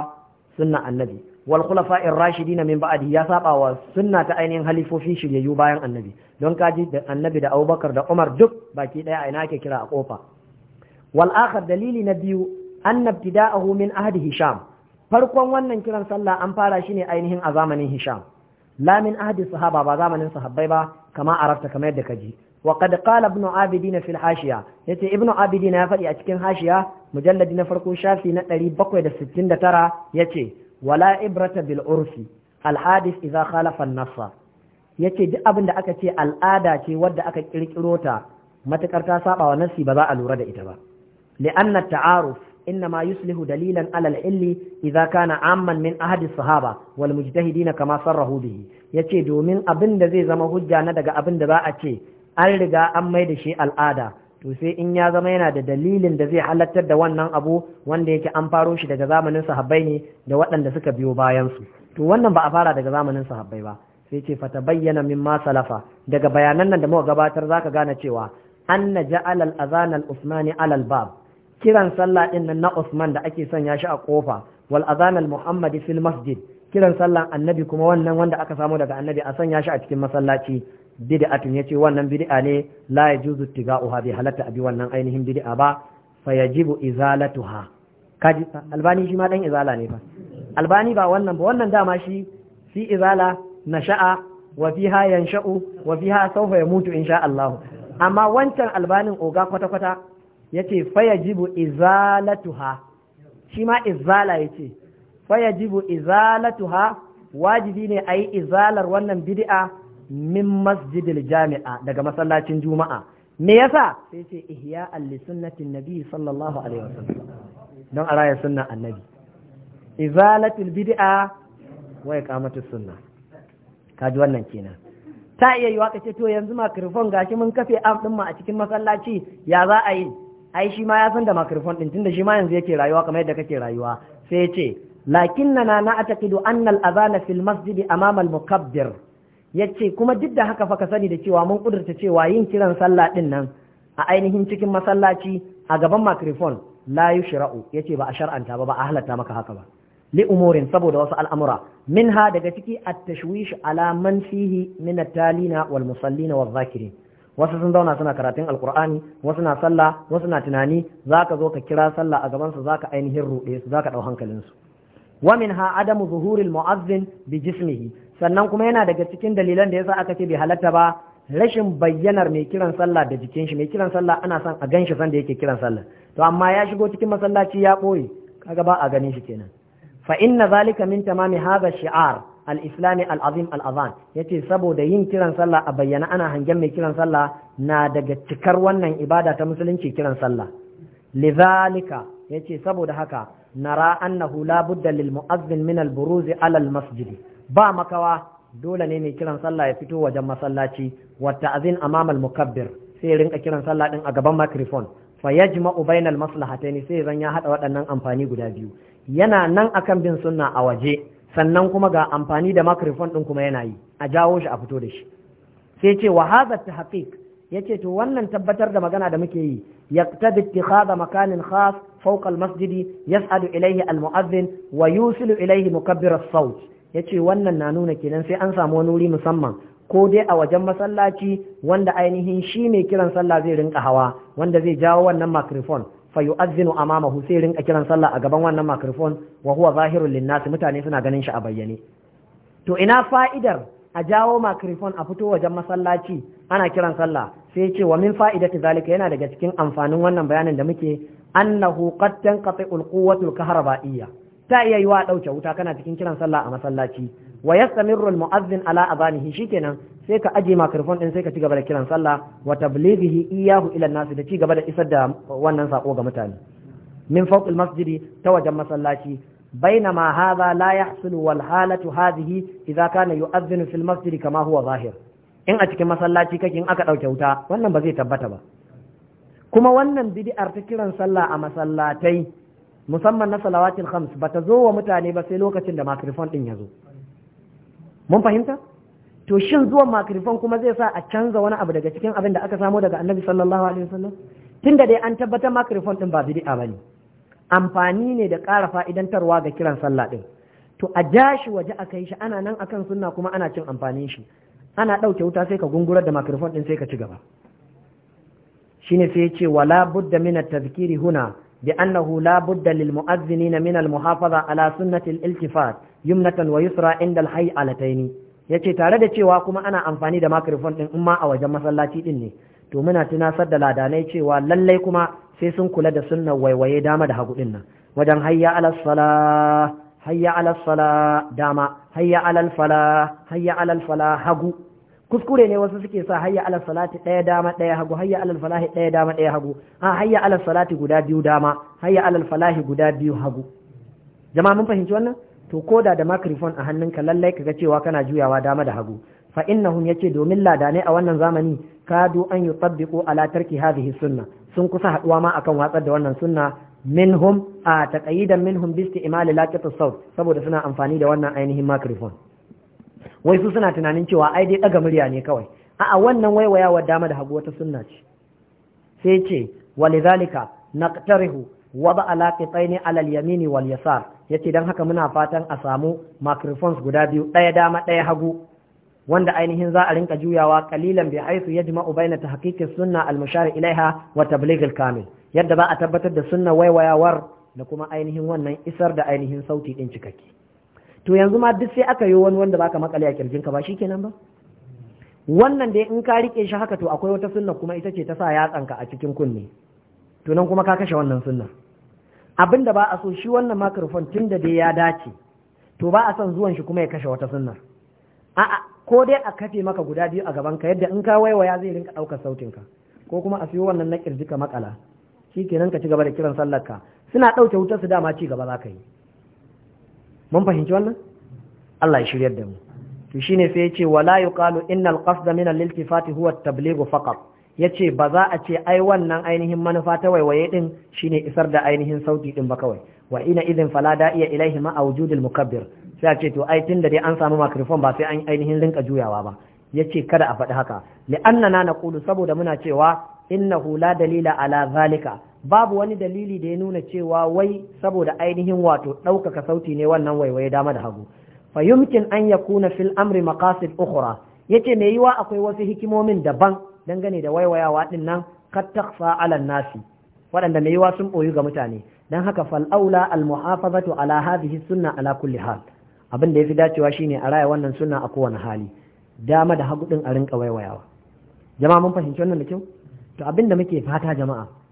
sunna annabi wal khulafa'ir rashidin min ba'di ya sabawa sunna ta ainihin halifofin shiryayyu bayan annabi don kaji da annabi da abubakar da umar duk baki ɗaya a ina ake kira a kofa wal akhar dalili na biyu anna ibtida'ahu min ahdi hisham farkon wannan kiran sallah an fara shi ne ainihin a zamanin hisham la min ahdi sahaba ba zamanin sahabbai ba kama arabta kamar yadda kaji wa qad qala ibn abidin fil hashiya yace ibn abidin ya faɗi a cikin hashiya mujalladi na farko shafi na 769 yace wala ibrata bil urfi al hadith idza khalafa an-nassa Ya ce, duk abin da aka ce al'ada ce wadda aka ƙirƙiro ta matuƙar ta saba wa nasi ba za a lura da ita ba li'anna ta'aruf inna ma yuslihu dalilan ala al-illi idza kana amman min ahadi sahaba wal mujtahidina kama sarrahu bihi yace domin abin da zai zama hujja na daga abin da za a ce an riga an mai da shi al'ada to sai in ya zama yana da dalilin da zai halattar da wannan abu wanda yake an faro shi daga zamanin sahabbai ne da waɗanda suka biyo bayan su to wannan ba a fara daga zamanin sahabbai ba sai ce fata bayyana min ma salafa daga bayanan nan da muka gabatar zaka gane cewa anna ja'al al azan al usmani al bab kiran sallah din nan na usman da ake sanya shi a kofa wal azan al muhammadi fil masjid kiran sallan annabi kuma wannan wanda aka samu daga annabi a sanya shi a cikin masallaci bid'atun yace wannan bid'a ne la yajuzu tiga'uha bi halatta abi wannan ainihin bid'a ba fayajibu izalatuha kaji albani shi ma dan izala ne fa albani ba wannan ba wannan dama shi fi izala nasha'a wa fiha yansha'u wa fiha sawfa yamutu insha Allah amma wancan albanin oga kwata kwata yace fayajibu izalatuha shi ma izala yace fayajibu izalatuha wajibi ne ayi izalar wannan bid'a min masjidil jami'a daga masallacin juma'a me yasa sai ce ihya li sunnatin nabi sallallahu alaihi wasallam don araya sunnan annabi izalatul bid'a wa iqamatus sunnah Ka ji wannan kenan ta iya yiwa ka ce to yanzu makarfon gashi mun kafe am din mu a cikin masallaci ya za a yi ai shi ma ya san da makarfon din tunda shi ma yanzu yake rayuwa kamar yadda kake rayuwa sai ya ce lakinnana na anna al azana fil masjidi amama al-mukabbir yace kuma duk da haka fa ka sani da cewa mun kudurta cewa yin kiran sallah din nan a ainihin cikin masallaci a gaban makarfon la yushra'u yace ba a shar'anta ba ba a halatta maka haka ba Li'umorin saboda wasu al'amura minha daga ciki at-tashwish ala man fihi min at-talina wal musallina wasu sun zauna suna karatun alkur'ani wasu na sallah wasu na tunani zaka zo ka kira sallah a gaban su zaka ainihin ruɗe su zaka ɗau hankalin su wa minha adamu zuhuril mu'azzin bi jismihi sannan kuma yana daga cikin dalilan da yasa aka ce bai halatta ba rashin bayyanar mai kiran sallah da jikin shi mai kiran sallah ana son a ganshi san da yake kiran sallah to amma ya shigo cikin masallaci ya ɓoye kaga ba a ganin shi kenan fa inna zalika min tamami hadha shi'ar al-islami al-azim al-azan yace saboda yin kiran sallah a bayyana ana hangen mai kiran sallah na daga cikar wannan ibada ta musulunci kiran sallah lidhalika yace saboda haka nara annahu la budda lil mu'azzin buruzi alal masjidi, masjid ba makawa dole ne mai kiran sallah ya fito wajen masallaci wa ta'zin amama al-mukabbir sai rinka kiran sallah din a gaban microphone fa yajma'u bainal maslahatayn sai zan ya hada waɗannan amfani guda biyu yana nan akan bin sunna a waje sannan kuma ga amfani da microphone din kuma yana yi a jawo shi a fito da shi sai ce wa hadha tahqiq yace to wannan tabbatar da magana da muke yi yaqtadi ittikhadha makanin khas fawqa masjidi, yas'adu ilayhi al-mu'adhdhin wa yusilu ilayhi mukabbir as-sawt yace wannan na nuna kenan sai an samu wani wuri musamman ko dai a wajen masallaci wanda ainihin shi ne kiran sallah zai rinka hawa wanda zai jawo wannan microphone fa yu'adhdhinu amamahu sai rinka kiran sallah a gaban wannan microphone wa huwa zahirun linnasi mutane suna ganin shi a bayyane to ina fa'idar a jawo microphone a fito wajen masallaci ana kiran sallah sai ce wa min fa'idati zalika yana daga cikin amfanin wannan bayanin da muke annahu qad tanqati'ul quwwatul kahraba'iyya ta iya yiwa dauke wuta kana cikin kiran sallah a masallaci wa yastamirru almu'adhdhin ala adanihi shikenan sai ka aje microphone din sai ka ci gaba da kiran sallah wa tablighihi iyyahu ila an da ci gaba da isar da wannan sako ga mutane min fawq masjidi ta wajen masallaci بينما هذا لا يحصل والحالة هذه إذا كان يؤذن في المسجد كما huwa zahir. in a cikin masallaci kake in aka ɗauke wuta wannan ba zai tabbata ba kuma wannan bid'ar ta kiran sallah a masallatai musamman na salawatil khams bata zo wa mutane ba sai lokacin da makrifon din ya zo mun fahimta to shin zuwan makarifan kuma zai sa a canza wani abu daga cikin abin da aka samo daga annabi sallallahu alaihi wasallam tunda dai an tabbatar makarifan din ba bid'a bane amfani ne da ƙara fa'idantarwa ga kiran sallah din to a ja shi waje a kai shi ana nan akan sunna kuma ana cin amfanin shi ana ɗauke wuta sai ka gungurar da makarifan din sai ka ci gaba shine sai ya ce wala budda min at huna بأنه لا بد للمؤذنين من المحافظة على سنة الالتفات يمنة ويسرى عند الحي علتين yace tare da cewa kuma ana amfani da makarifon din umma a wajen masallaci din ne to muna tunasar da ladanai cewa lallai kuma sai sun kula da sunnan waiwaye dama da hagu din nan wajen hayya ala sala hayya ala sala dama hayya ala fala hayya ala fala hagu kuskure ne wasu suke sa hayya alal salati ɗaya dama ɗaya hagu hayya alal falahi daya dama ɗaya hagu a hayya alal salati guda biyu dama hayya alal falahi guda biyu hagu jama'a mun fahimci wannan to koda da microphone a hannunka lallai kaga cewa kana juyawa dama da hagu fa innahum yace domin ladanai a wannan zamani kadu an yutabbiqu ala tarki hadhihi sunna sun kusa haduwa ma akan watsar da wannan sunna minhum a taqayidan minhum bi isti'mal laqit as-sawt saboda suna amfani da wannan ainihin microphone wai su suna tunanin cewa ai dai daga murya ne kawai a'a wannan waiwayawa dama da hagu wata sunna ce sai ce walizalika naqtarihu wa ba ala ala al-yamini wal yasar yace dan haka muna fatan a samu microphones guda biyu daya dama daya hagu wanda ainihin za a rinka juyawa kalilan bi ya yajma'u baina tahqiqis sunna al-mushar ilaiha wa tabligh al-kamil yadda ba a tabbatar da sunna waiwayawar da kuma ainihin wannan isar da ainihin sauti din cikakke to yanzu ma duk sai aka yi wani wanda baka makale a ka ba shikenan ba wannan dai in ka rike shi haka to akwai wata sunna kuma ita ce ta sa yatsan ka a cikin kunne to nan kuma ka kashe wannan sunna abin da ba a so shi wannan microphone tun da dai ya dace to ba a son zuwan shi kuma ya kashe wata sunna a'a ko dai a kafe maka guda biyu a gaban ka yadda in ka waiwaya zai rinka ɗaukar sautin ka ko kuma a siyo wannan na kirji ka makala shikenan ka ci gaba da kiran sallar ka suna ɗauke wutar su dama ci gaba za ka yi mun fahimci wannan Allah ya shiryar da mu to shine sai yace wala yuqalu innal qasda min al-iltifati huwa at-tabligh faqat yace ba za a ce ai wannan ainihin manufa ta waiwaye din shine isar da ainihin sauti din ba kawai wa ina idin fala da'iya ilaihi ma wujudil mukabbir sai a ce to ai tunda dai an samu microphone ba sai an ainihin rinka juyawa ba yace kada a faɗi haka li'annana naqulu saboda muna cewa innahu la dalila ala zalika babu wani dalili da ya nuna cewa wai saboda ainihin wato ɗaukaka sauti ne wannan waiwaye dama da hagu fa yumkin an kuna fil amri maqasid ukhra yace me yiwa akwai wasu hikimomin daban dangane da waiwayawa din nan kat takhfa ala nasi waɗanda me yiwa sun boyu ga mutane don haka fal aula al muhafazatu ala hadhihi sunna ala kulli hal abin da yafi dacewa shine a raya wannan suna a kowane hali dama da hagu din a rinka waiwayawa jama'a mun fahimci wannan da kyau to abin da muke fata jama'a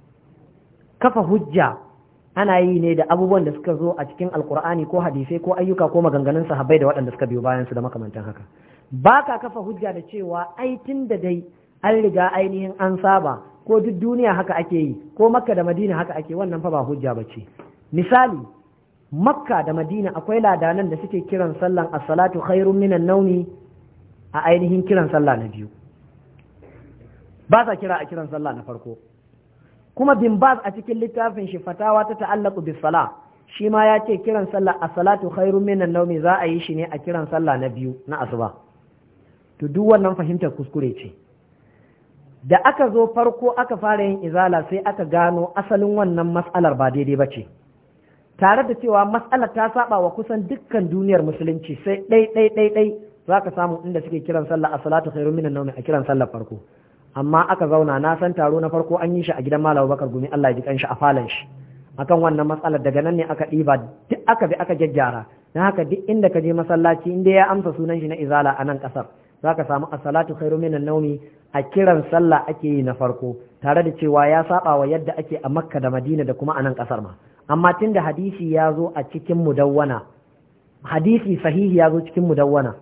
kafa hujja ana yi ne da abubuwan da suka zo a cikin alkur'ani ko hadisai ko ayyuka ko maganganun sahabbai da waɗanda suka biyo bayan su da makamantan haka ba ka kafa hujja da cewa ai tun da dai an riga ainihin an saba ko duk duniya haka ake yi ko makka da madina haka ake wannan fa ba hujja ba ce misali makka da madina akwai ladanan da suke kiran sallan as-salatu khairun minan nauni a ainihin kiran sallah na biyu ba sa kira a kiran sallah na farko kuma bin a cikin littafin shi fatawa ta ta'allaku bis sala shi ma ya ce kiran sallah a salatu khairu minan naumi za a yi shi ne a kiran sallah na biyu na asuba to duk wannan fahimtar kuskure ce da aka zo farko aka fara yin izala sai aka gano asalin wannan matsalar ba daidai ba ce tare da cewa matsalar ta saba wa kusan dukkan duniyar musulunci sai ɗai ɗai ɗai ɗai za ka samu inda suke kiran sallah a salatu khairu minan naumi a kiran sallah farko amma aka zauna na san taro na farko an yi shi a gidan malam bakar gumi Allah ya ji kanshi a falon shi akan wannan matsalar daga nan ne aka ɗiba duk aka bi aka gyaggyara na haka duk inda ka je masallaci inda ya amsa sunan shi na izala a nan kasar zaka ka samu salatu khairu minan naumi a kiran sallah ake yi na farko tare da cewa ya saba wa yadda ake a makka da madina da kuma a nan ƙasar ma amma tunda da hadisi ya zo a cikin mudawwana hadisi sahihi ya zo cikin mudawwana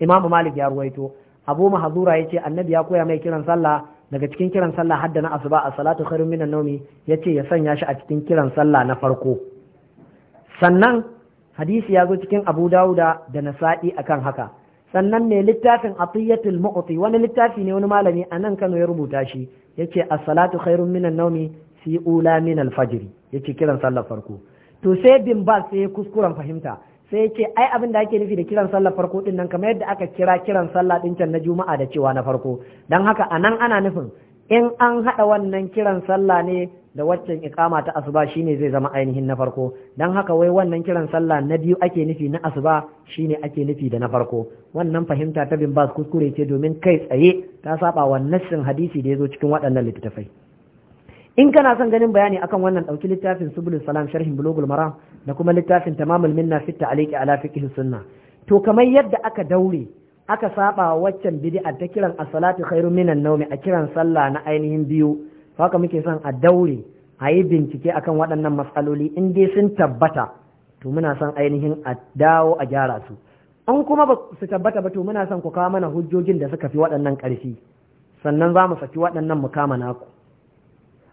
imamu malik ya ruwaito abu mahazura ce annabi ya koya mai kiran sallah daga cikin kiran sallah hadda na asuba a salatu khairun minan naumi ce ya sanya shi a cikin kiran sallah na farko sannan hadisi ya zo cikin abu dauda da nasa'i akan haka sannan ne littafin atiyatul mu'ti wani littafi ne wani malami a nan Kano ya rubuta shi yace as-salatu khairun minan naumi fi ula min al-fajr yace kiran sallar farko to sai bin ba sai kuskuren fahimta sai ce ai abin da ake nufi da kiran sallar farko din nan kamar yadda aka kira kiran sallah din can na juma'a da cewa na farko dan haka a nan ana nufin in an haɗa wannan kiran sallah ne da waccan ikama ta asuba shine zai zama ainihin na farko dan haka wai wannan kiran sallah na biyu ake nufi na asuba shine ake nufi da na farko wannan fahimta ta bin bas kuskure ce domin kai tsaye ta saba wa nassin hadisi da ya zo cikin waɗannan littattafai in kana son ganin bayani akan wannan ɗauki littafin subul salam sharhin bulugul mara, da kuma littafin tamamul minna fi ta'liqi ala fiqh sunna to kamar yadda aka daure aka saba waccan bid'a ta kiran as-salatu khairu minan nawmi a kiran sallah na ainihin biyu haka muke son a daure a yi bincike akan waɗannan matsaloli in dai sun tabbata to muna son ainihin a dawo a gyara su an kuma ba su tabbata ba to muna son ku kawo mana hujjojin da suka fi waɗannan ƙarfi sannan za mu saki waɗannan mu kama naku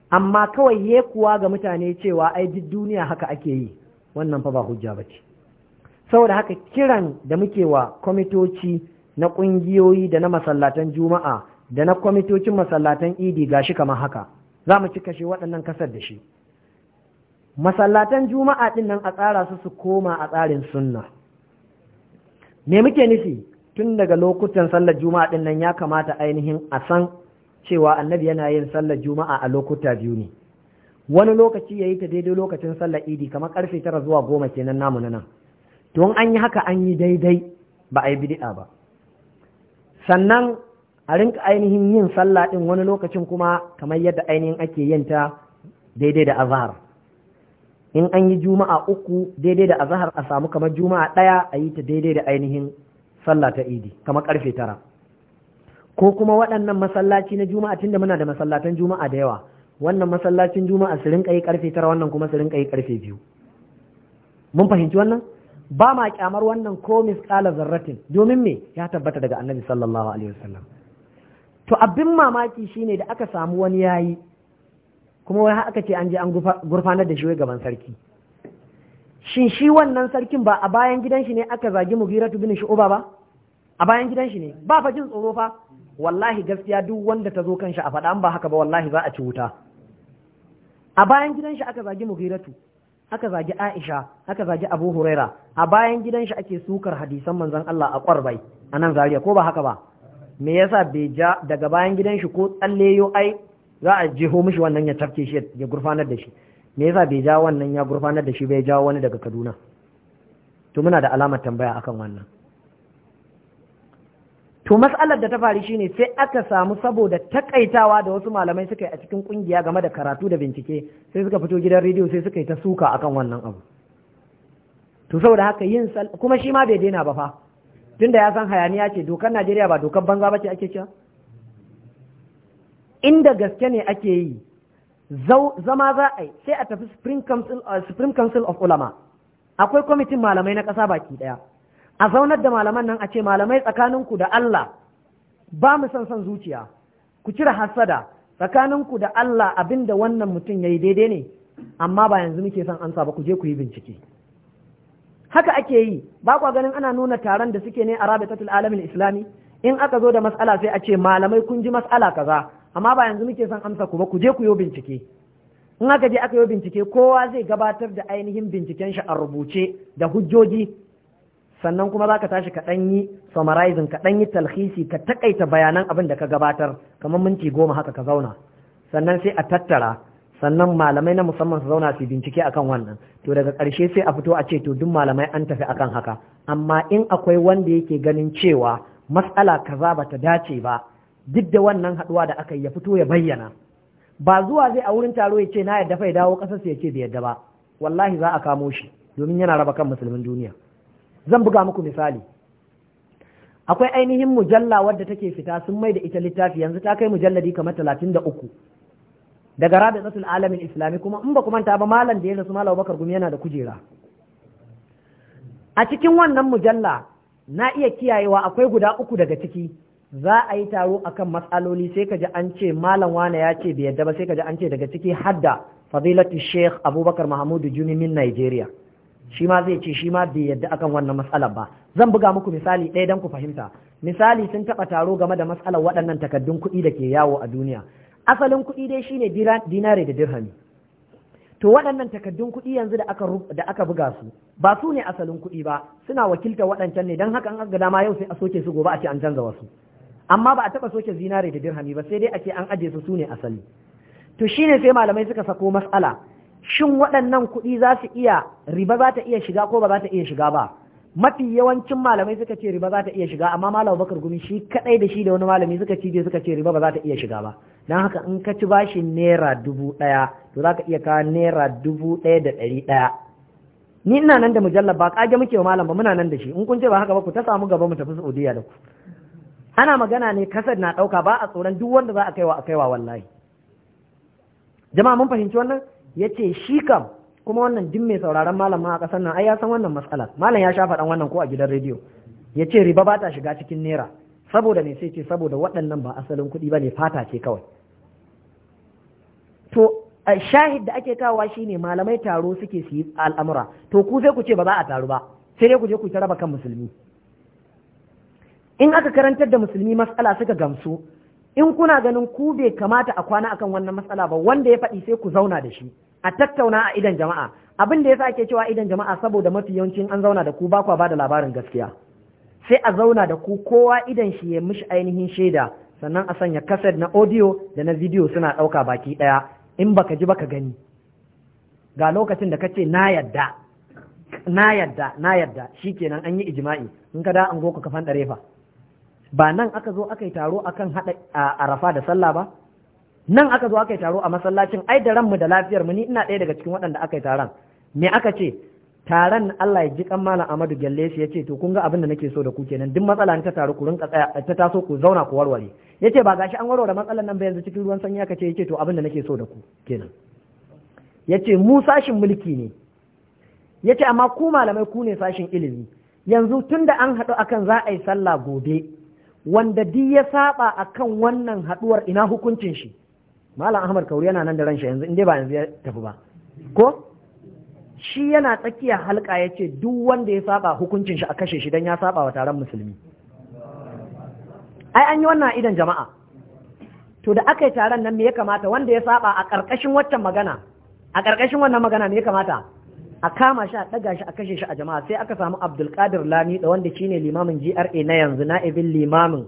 amma kawai ya kuwa ga mutane cewa ai duk duniya haka ake yi wannan fa ba hujja ba ce saboda haka kiran da muke wa kwamitoci na ƙungiyoyi da na masallatan juma'a da na kwamitocin masallatan idi ga shi kamar haka za mu ci kashe waɗannan kasar da shi masallatan juma'a ɗin nan a tsara su su koma a tsarin sunna me muke nufi tun daga lokutan sallar juma'a ɗin nan ya kamata ainihin a san cewa annabi yana yin sallar juma'a a lokuta biyu ne wani lokaci ya yi ta daidai lokacin sallar idi kamar karfe tara zuwa goma kenan namu na nan to an yi haka an yi daidai ba a yi bid'a ba sannan a rinka ainihin yin sallah din wani lokacin kuma kamar yadda ainihin ake yin ta daidai da azhar in an yi juma'a uku daidai da azhar a samu kamar juma'a ɗaya a yi ta daidai da ainihin sallah ta idi kamar karfe tara ko kuma waɗannan masallaci na juma'a tunda muna da masallatan juma'a da yawa wannan masallacin juma'a su rinka yi karfe tara wannan kuma su rinka yi karfe biyu mun fahimci wannan ba ma kyamar wannan ko misqala zarratin domin me ya tabbata daga annabi sallallahu alaihi wasallam to abin mamaki shine da aka samu wani yayi kuma wai aka ce an je an gurfanar da shi gaban sarki shin shi wannan sarkin ba a bayan gidan shi ne aka zagi mugiratu bin shu'uba ba a bayan gidan shi ne ba fa jin tsoro fa wallahi gaskiya duk wanda ta zo kan shi a faɗa ba haka ba wallahi za a ci wuta a bayan gidan shi aka zagi mughiratu aka zagi aisha aka zagi abu huraira a bayan gidan shi ake sukar hadisan manzon Allah a kwarbai a nan zariya ko ba haka ba me yasa bai ja daga bayan gidan shi ko tsalle yo ai za a jeho mishi wannan ya tafke shi ya gurfanar da shi me yasa bai ja wannan ya gurfanar da shi bai ja wani daga Kaduna to muna da alamar tambaya akan wannan to matsalar da ta faru shine sai aka samu saboda takaitawa da wasu malamai suka yi a cikin kungiya game da karatu da bincike sai suka fito gidan rediyo sai suka yi ta suka akan wannan abu to saboda haka yin kuma shi ma bai daina ba fa tunda ya san hayaniya ce dokar Najeriya ba dokar banza ba ce ake cewa inda gaske ne ake yi zama za a yi sai a tafi uh, Supreme Council of Ulama akwai kwamitin malamai na ƙasa baki ɗaya a zaunar da malaman nan a ce malamai tsakaninku da Allah ba mu san son zuciya ku cire hasada tsakaninku da Allah abinda wannan mutum ya yi daidai ne amma ba yanzu muke son ansa ba ku je ku yi bincike haka ake yi ba kwa ganin ana nuna taron da suke ne a rabitatul alamin islami in aka zo da matsala sai a ce malamai kun ji mas'ala kaza amma ba yanzu muke son amsa ku ba ku je ku yi bincike in aka je aka yi bincike kowa zai gabatar da ainihin binciken shi a rubuce da hujjoji sannan kuma za ka tashi ka ɗan yi summarizing ka ɗan yi talhisi ka taƙaita bayanan abin da ka gabatar kamar minti goma haka ka zauna sannan sai a tattara sannan malamai na musamman su zauna su bincike akan wannan to daga ƙarshe sai a fito a ce to duk malamai an tafi akan haka amma in akwai wanda yake ganin cewa matsala kaza bata dace ba duk da wannan haɗuwa da aka yi ya fito ya bayyana ba zuwa zai a wurin taro ya ce na yadda fa ya dawo ƙasar su ya ce bai yadda ba wallahi za a kamo shi domin yana raba kan musulmin duniya zan buga muku misali akwai ainihin mujalla wadda take fita sun mai da ita littafi yanzu ta kai mujalladi kamar talatin da uku daga rada tsatul alamin islami kuma in ba manta ba malam da ya rasu malam bakar gumi yana da kujera a cikin wannan mujalla na iya kiyayewa akwai guda uku daga ciki za a yi taro akan matsaloli sai ka ji an ce malam wane ya ce bai yadda ba sai ka ji an ce daga ciki hadda fadilatu sheikh abubakar mahamudu juni min nigeria shi ma zai ce shi ma bai yadda akan wannan matsalar ba zan buga muku misali ɗaya don ku fahimta misali sun taɓa taro game da matsalar waɗannan takardun kuɗi da ke yawo a duniya asalin kuɗi dai shine dinare da dirhami to waɗannan takardun kuɗi yanzu da aka da aka buga su ba su ne asalin kuɗi ba suna wakiltar waɗancan ne don haka an ga dama yau sai a soke su gobe a ce an canza wasu amma ba a taɓa soke zinare da dirhami ba sai dai ake an aje su su ne asali to shine sai malamai suka sako matsala. shin waɗannan kuɗi za su iya riba za ta iya shiga ko ba za ta iya shiga ba mafi yawancin malamai suka ce riba za ta iya shiga amma malam bakar gumi shi kaɗai da shi da wani malami suka cije suka ce riba ba za ta iya shiga ba don haka in ka ci bashin naira dubu ɗaya to za ka iya kawo naira dubu ɗaya da ɗari ɗaya ni ina nan da mujallar ba ƙage muke wa malam ba muna nan da shi in kun ce ba haka ba ku ta samu gaba mu tafi saudiya da ku ana magana ne kasar na ɗauka ba a tsoron duk wanda za a kaiwa a kaiwa wallahi jama'a mun fahimci wannan ya ce shi kam kuma wannan duk mai sauraron malam a ƙasar nan ai ya san wannan matsalar malam ya sha faɗan wannan ko a gidan rediyo ya ce riba ba ta shiga cikin naira saboda me sai ce saboda waɗannan ba asalin kuɗi ba ne fata ce kawai to shahid da ake kawowa ne malamai taro suke su yi al'amura to ku sai ku ce ba za a taru ba sai dai ku je ku ta raba kan musulmi in aka karantar da musulmi matsala suka gamsu in kuna ganin ku bai kamata a kwana akan wannan matsala ba wanda ya faɗi sai ku zauna da shi a tattauna a idan jama'a abin da yasa ake cewa idan jama'a saboda mafi yawancin an zauna da ku ba kwa bada labarin gaskiya sai a zauna da ku kowa idan shi ya mishi ainihin shaida sannan a sanya kaset na audio da na video suna ɗauka baki ɗaya in baka ji baka gani ga lokacin da ka ce na yadda na yadda na yadda shikenan an yi ijma'i in ka da an goka kafan ɗarefa. ba nan aka zo aka yi taro akan hada arafa da sallah ba nan aka zo aka yi taro a masallacin ai da ranmu da lafiyar mu ni ina ɗaya daga cikin waɗanda aka yi taron me aka ce taron Allah ya ji kan malam Amadu Gelle shi yace to kun ga abin da nake so da ku kenan duk matsala ta taru ku rinka tsaya ta taso ku zauna ku warware yace ba gashi an warware matsalan nan ba yanzu cikin ruwan sanyi aka ce yace to abin da nake so da ku kenan yace mu sashin mulki ne yace amma ku malamai ku ne sashin ilimi yanzu tunda an haɗu akan za a yi sallah gobe wanda duk ya saba kan wannan haɗuwar ina hukuncin shi malam ahmad kauri yana nan da ranshi yanzu in ba yanzu ya tafi ba ko shi yana tsakiya halka ya ce duk wanda ya saba hukuncin shi a kashe shi don ya saba wa taron musulmi ai an yi wannan idan jama'a to da aka yi taron nan me ya kamata wanda ya saba a ƙarƙashin waccan magana a ƙarƙashin wannan magana me ya kamata a kama shi a ɗaga shi a kashe shi a jama'a sai aka samu abdulkadir lami da wanda shine limamin gra na yanzu na'ibin limamin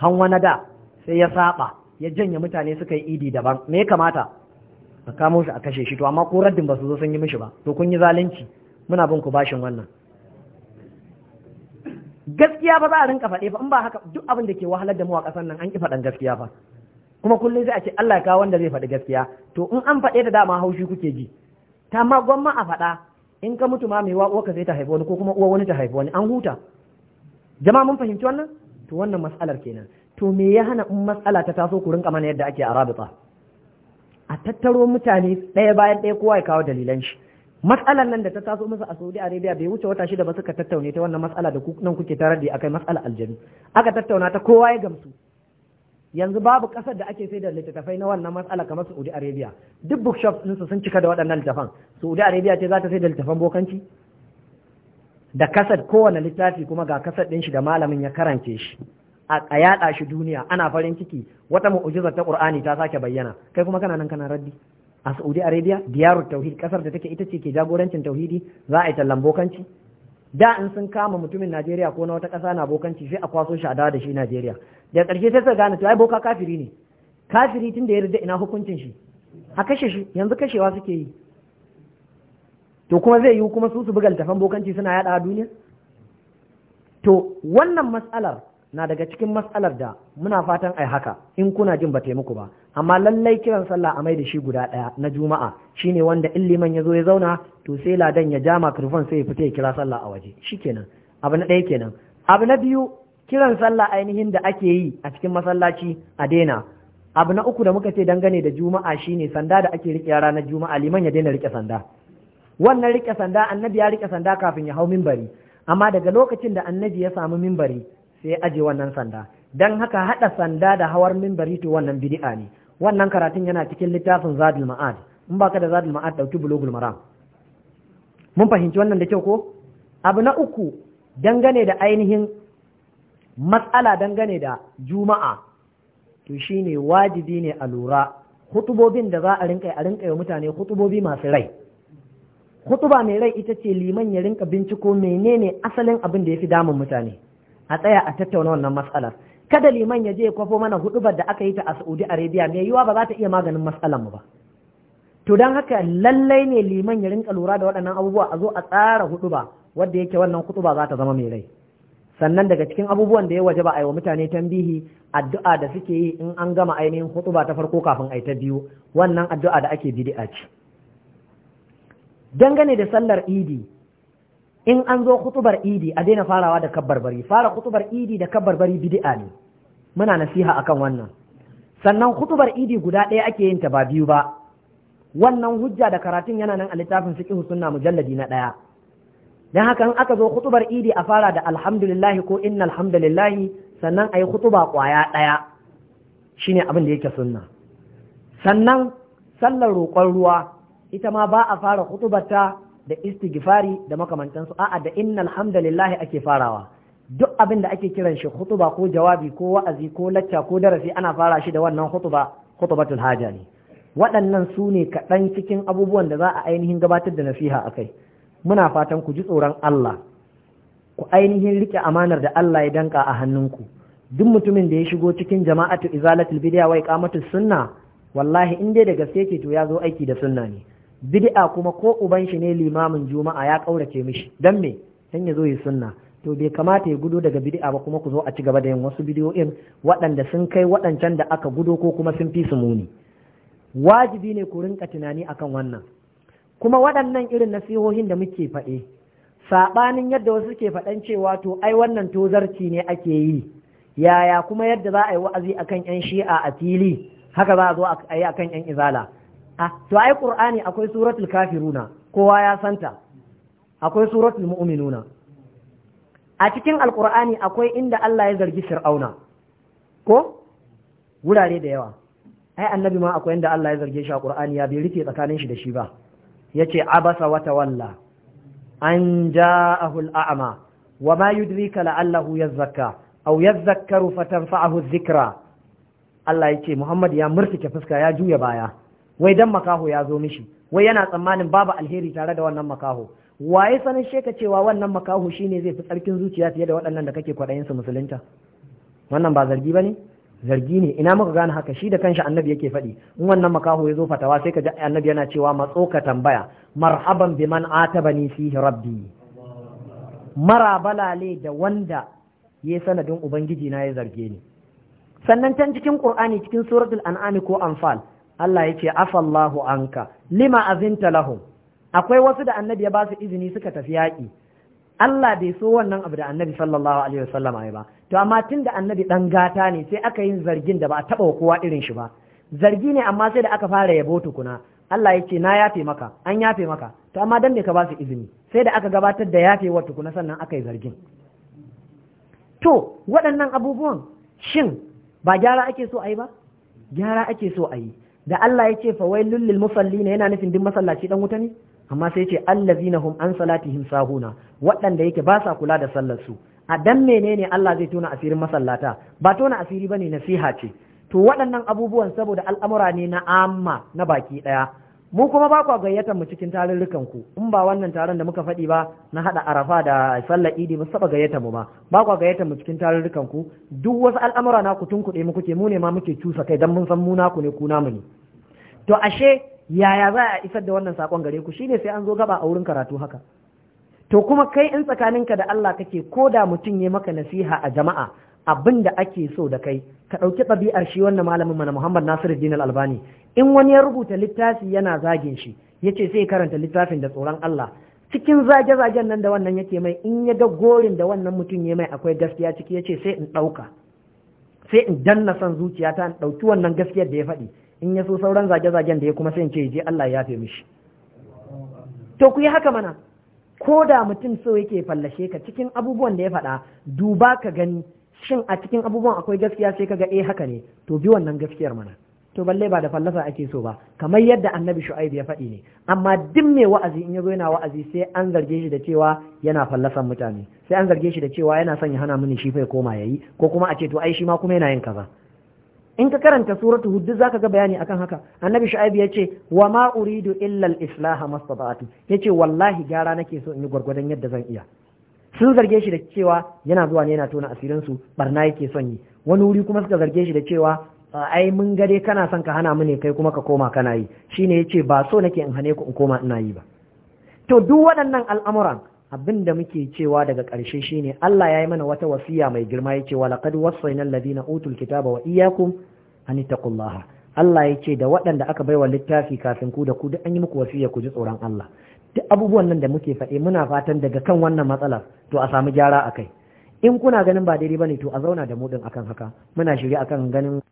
hanwa na da sai ya saba ya janye mutane suka yi idi daban me ya kamata a kamo shi a kashe shi to amma ko raddin ba su zo sun yi mishi ba to kun yi zalunci muna bin ku bashin wannan gaskiya ba za a rinka faɗe ba in ba haka duk abin da ke wahalar da mu a ƙasar nan an ki faɗan gaskiya ba kuma kullum sai a ce Allah ya kawo wanda zai faɗi gaskiya to in an faɗe ta dama haushi kuke ji ta ma gwamma a faɗa in ka mutu ma mai uwarka zai ta haifi wani ko kuma uwa wani ta haifi wani an huta jama'a mun fahimci wannan to wannan mas'alar kenan to me ya hana in matsala ta taso ku rinka mana yadda ake a rabita a tattaro mutane ɗaya bayan ɗaya kowa ya kawo dalilan shi matsalar nan da ta taso masa a Saudi Arabia bai wuce wata shida ba suka tattaune ta wannan matsala da nan kuke tarar da akai matsalar aljanu aka tattauna ta kowa ya gamsu yanzu babu kasar da ake sai da littattafai na wannan matsala kamar Saudi Arabia duk bookshop ɗinsu sun cika da waɗannan littattafan. Saudi Arabia ce za ta sai da littattafan bokanci da kasar kowane littafi kuma ga kasar ɗin shi da malamin ya karance shi a yaɗa shi duniya ana farin ciki wata mu'ujizar ta Qur'ani ta sake bayyana kai kuma kana nan kana raddi a Saudi Arabia diyarut tauhid kasar da take ita ce ke jagorancin tauhidi za a yi tallan bokanci da in sun kama mutumin Najeriya ko na wata ƙasa na bokanci sai a kwaso shi a dawo da shi Najeriya da ƙarshe sai suka gane to ai boka kafiri ne kafiri tun da ya rida ina hukuncin shi a kashe shi yanzu kashewa suke yi to kuma zai yiwu kuma su su buga littafan bokanci suna yaɗa a duniya to wannan matsalar na daga cikin matsalar da muna fatan ai haka in kuna jin ba taimako ba amma lallai kiran sallah a mai da shi guda ɗaya na juma'a shi ne wanda in liman ya zo ya zauna to sai ladan ya ja makarfon sai ya fita ya kira sallah a waje shikenan abu na ɗaya kenan abu na biyu kiran sallah ainihin da ake yi a cikin masallaci a daina abu na uku da muka ce dangane da juma'a shine sanda da ake rike ranar juma'a liman ya daina rike sanda wannan rike sanda annabi ya rike sanda kafin ya hau mimbari amma daga lokacin da annabi ya samu mimbari sai ya aje wannan sanda dan haka hada sanda da hawar mimbari to wannan bid'a ne wannan karatun yana cikin littafin zadul ma'ad in baka da zadul ma'ad dauki bulogul maram mun fahimci wannan da kyau ko abu na uku dangane da ainihin matsala dangane da juma'a to shine wajibi ne a lura hutubobin da za a rinka a rinka wa mutane hutubobi masu rai hutuba mai rai ita ce liman ya rinka binciko menene asalin abin da ya fi damun mutane a tsaya a tattauna wannan matsalar kada liman ya je ya kwafo mana hudubar da aka yi ta a Saudi Arabia mai yiwa ba za ta iya maganin matsalan mu ba to dan haka lallai ne liman ya rinka lura da waɗannan abubuwa a zo a tsara huduba wadda yake wannan huduba za ta zama mai rai sannan daga cikin abubuwan da ya waje ba a yi wa mutane tambihi addu'a da suke yi in an gama ainihin huduba ta farko kafin a yi ta biyu wannan addu'a da ake bidi'a ce dangane da sallar idi in an zo kutubar idi a daina farawa da kabbarbari fara kutubar idi da kabbarbari bid'a ne muna nasiha akan wannan sannan kutubar idi guda ɗaya ake yin ta ba biyu ba wannan hujja da karatun yana nan a littafin fiqh sunna mujalladi na ɗaya dan haka in aka zo kutubar idi a fara da alhamdulillah ko innal hamdulillah sannan ayi kutuba kwaya ɗaya shine abin da yake sunna sannan sallar roƙon ruwa ita ma ba a fara kutubarta. da istighfari da makamantansu a'a da inna alhamdulillah ake farawa duk abin da ake kiran shi hutuba ko jawabi ko wa'azi ko lacca ko darasi ana fara shi da wannan hutuba hutubatul haja ne waɗannan su ne kaɗan cikin abubuwan da za a ainihin gabatar da nasiha a kai muna fatan ku ji tsoron Allah ku ainihin rike amanar da Allah ya danka a hannunku duk mutumin da ya shigo cikin jama'atu izalatul bid'a wa iqamatus sunna wallahi in dai da gaske ke to ya zo aiki da sunna ne bid'a kuma ko uban shi ne limamin juma'a ya kaurace mishi dan me dan ya zo yi sunna to bai kamata ya gudo daga bid'a ba kuma ku zo a ci gaba da yin wasu bidiyoyin waɗanda sun kai waɗancan da aka gudo ko kuma sun fi su muni wajibi ne ku rinka tunani akan wannan kuma waɗannan irin nasihohin da muke faɗe saɓanin yadda wasu ke faɗan cewa to ai wannan tozarci ne ake yi yaya kuma yadda za a yi wa'azi akan 'yan shi'a a fili haka za a zo a yi akan 'yan izala a ah, to ai qur'ani akwai suratul kafiruna kowa ya santa akwai suratul mu'minuna a cikin alqur'ani akwai inda Allah ya zargi fir'auna ko wurare da yawa ai annabi ma akwai inda Allah ya zarge shi a qur'ani ya bi rike tsakanin shi da shi ba yace abasa wa tawalla an ja'ahu al'ama wa ma yudrika la'allahu yazzakka aw yadhakkaru fatanfa'ahu dhikra Allah yake Muhammad ya murtike fuska ya juya baya wai dan makaho ya zo mishi wai yana tsammanin babu alheri tare da wannan makaho waye sanin sheka cewa wannan makaho shine zai fi tsarkin zuciya fiye da waɗannan da kake kwaɗayin su musulunta wannan ba zargi bane zargi ne ina muka gane haka shi da kanshi annabi yake faɗi in wannan makaho ya zo fatawa sai ka ji annabi yana cewa matso ka tambaya marhaban biman atabani fihi rabbi mara balale da wanda ya sanadin ubangiji na ya zarge ni sannan can cikin qur'ani cikin suratul an'ami ko anfal Allah ya ce afallahu anka lima azinta lahum akwai wasu da annabi ya ba su izini suka tafi yaƙi Allah bai so wannan abu da annabi sallallahu alaihi wasallam ba to amma tun da annabi dan gata ne sai aka yin zargin da ba a taba kowa irin shi ba zargi ne amma sai da aka fara yabo tukuna Allah ya na yafe maka an yafe maka to amma dan ne ka ba su izini sai da aka gabatar da yafe wa tukuna sannan aka yi zargin to waɗannan abubuwan shin ba gyara ake so a ba gyara ake so a da Allah ya ce fa wai lil musallina yana nufin duk masallaci dan wuta ne amma sai ce allazina hum an salatihim sahuna waɗanda yake ba sa kula da sallar su a dan menene Allah zai tona asirin masallata ba tona asiri bane nasiha ce to waɗannan abubuwan saboda al'amura ne na amma na baki ɗaya mu kuma ba kwa gayyatar mu cikin tarurrukan ku in ba wannan taron da muka faɗi ba na haɗa arafa da sallar idi mu saba gayyatar mu ba ba kwa gayyatar mu cikin tarurrukan ku duk wasu al'amura na ku tunkuɗe mu kuke mu ne ma muke cusa kai dan mun san mu naku ne ku namu ne to ashe yaya za a isar da wannan sakon gare ku shine sai an zo gaba a wurin karatu haka to kuma kai in tsakaninka da Allah kake ko da mutum ya maka nasiha a jama'a abin da ake so da kai ka ɗauki ɗabi'ar shi wannan malamin mana Muhammad Nasiru dinar albani in wani ya rubuta littafi yana zagin shi ya ce sai karanta littafin da tsoron Allah cikin zage-zagen nan da wannan yake mai in ya ga gorin da wannan mutum ya mai akwai gaskiya ciki ya ce sai in ɗauka sai in danna son zuciyata in ɗauki wannan gaskiyar da ya faɗi in ya so sauran zage-zagen da ya kuma sai in ce je Allah ya fi mishi to ku yi haka mana ko da mutum so yake fallashe ka cikin abubuwan da ya faɗa duba ka gani shin a cikin abubuwan akwai gaskiya sai kaga eh haka ne to bi wannan gaskiyar mana to balle ba da fallasa ake so ba kamar yadda annabi shu'aib ya faɗi ne amma duk mai wa'azi in yazo yana wa'azi sai an zarge shi da cewa yana fallasan mutane sai an zarge shi da cewa yana son ya hana mini shi fai koma yayi ko kuma a ce to ai shi ma kuma yana yin kaza in ka karanta suratu hud zaka ga bayani akan haka annabi shu'aib ya ce wa ma uridu illa al-islah mastata'tu yace wallahi gara nake so in yi gwargwadon yadda zan iya sun zarge shi da cewa yana zuwa ne yana tona asirin su barna yake son yi wani wuri kuma suka zarge shi da cewa ai mun ga dai kana son ka hana mu ne kai kuma ka koma kana yi shine yace ba so nake in hane ku in koma ina yi ba to duk waɗannan al'amuran abin da muke cewa daga ƙarshe shine Allah ya yi mana wata wasiya mai girma ya ce walaqad wasaina alladhina utul kitaba wa iyyakum an taqullaha Allah ya ce da waɗanda aka baiwa littafi kafin ku da ku duk an yi muku wasiya ku ji tsoron Allah duk abubuwan nan da muke faɗe muna fatan daga kan wannan matsalar to a samu gyara a kai in kuna ganin ba daidai ba ne to a zauna da mu akan haka muna shirye akan ganin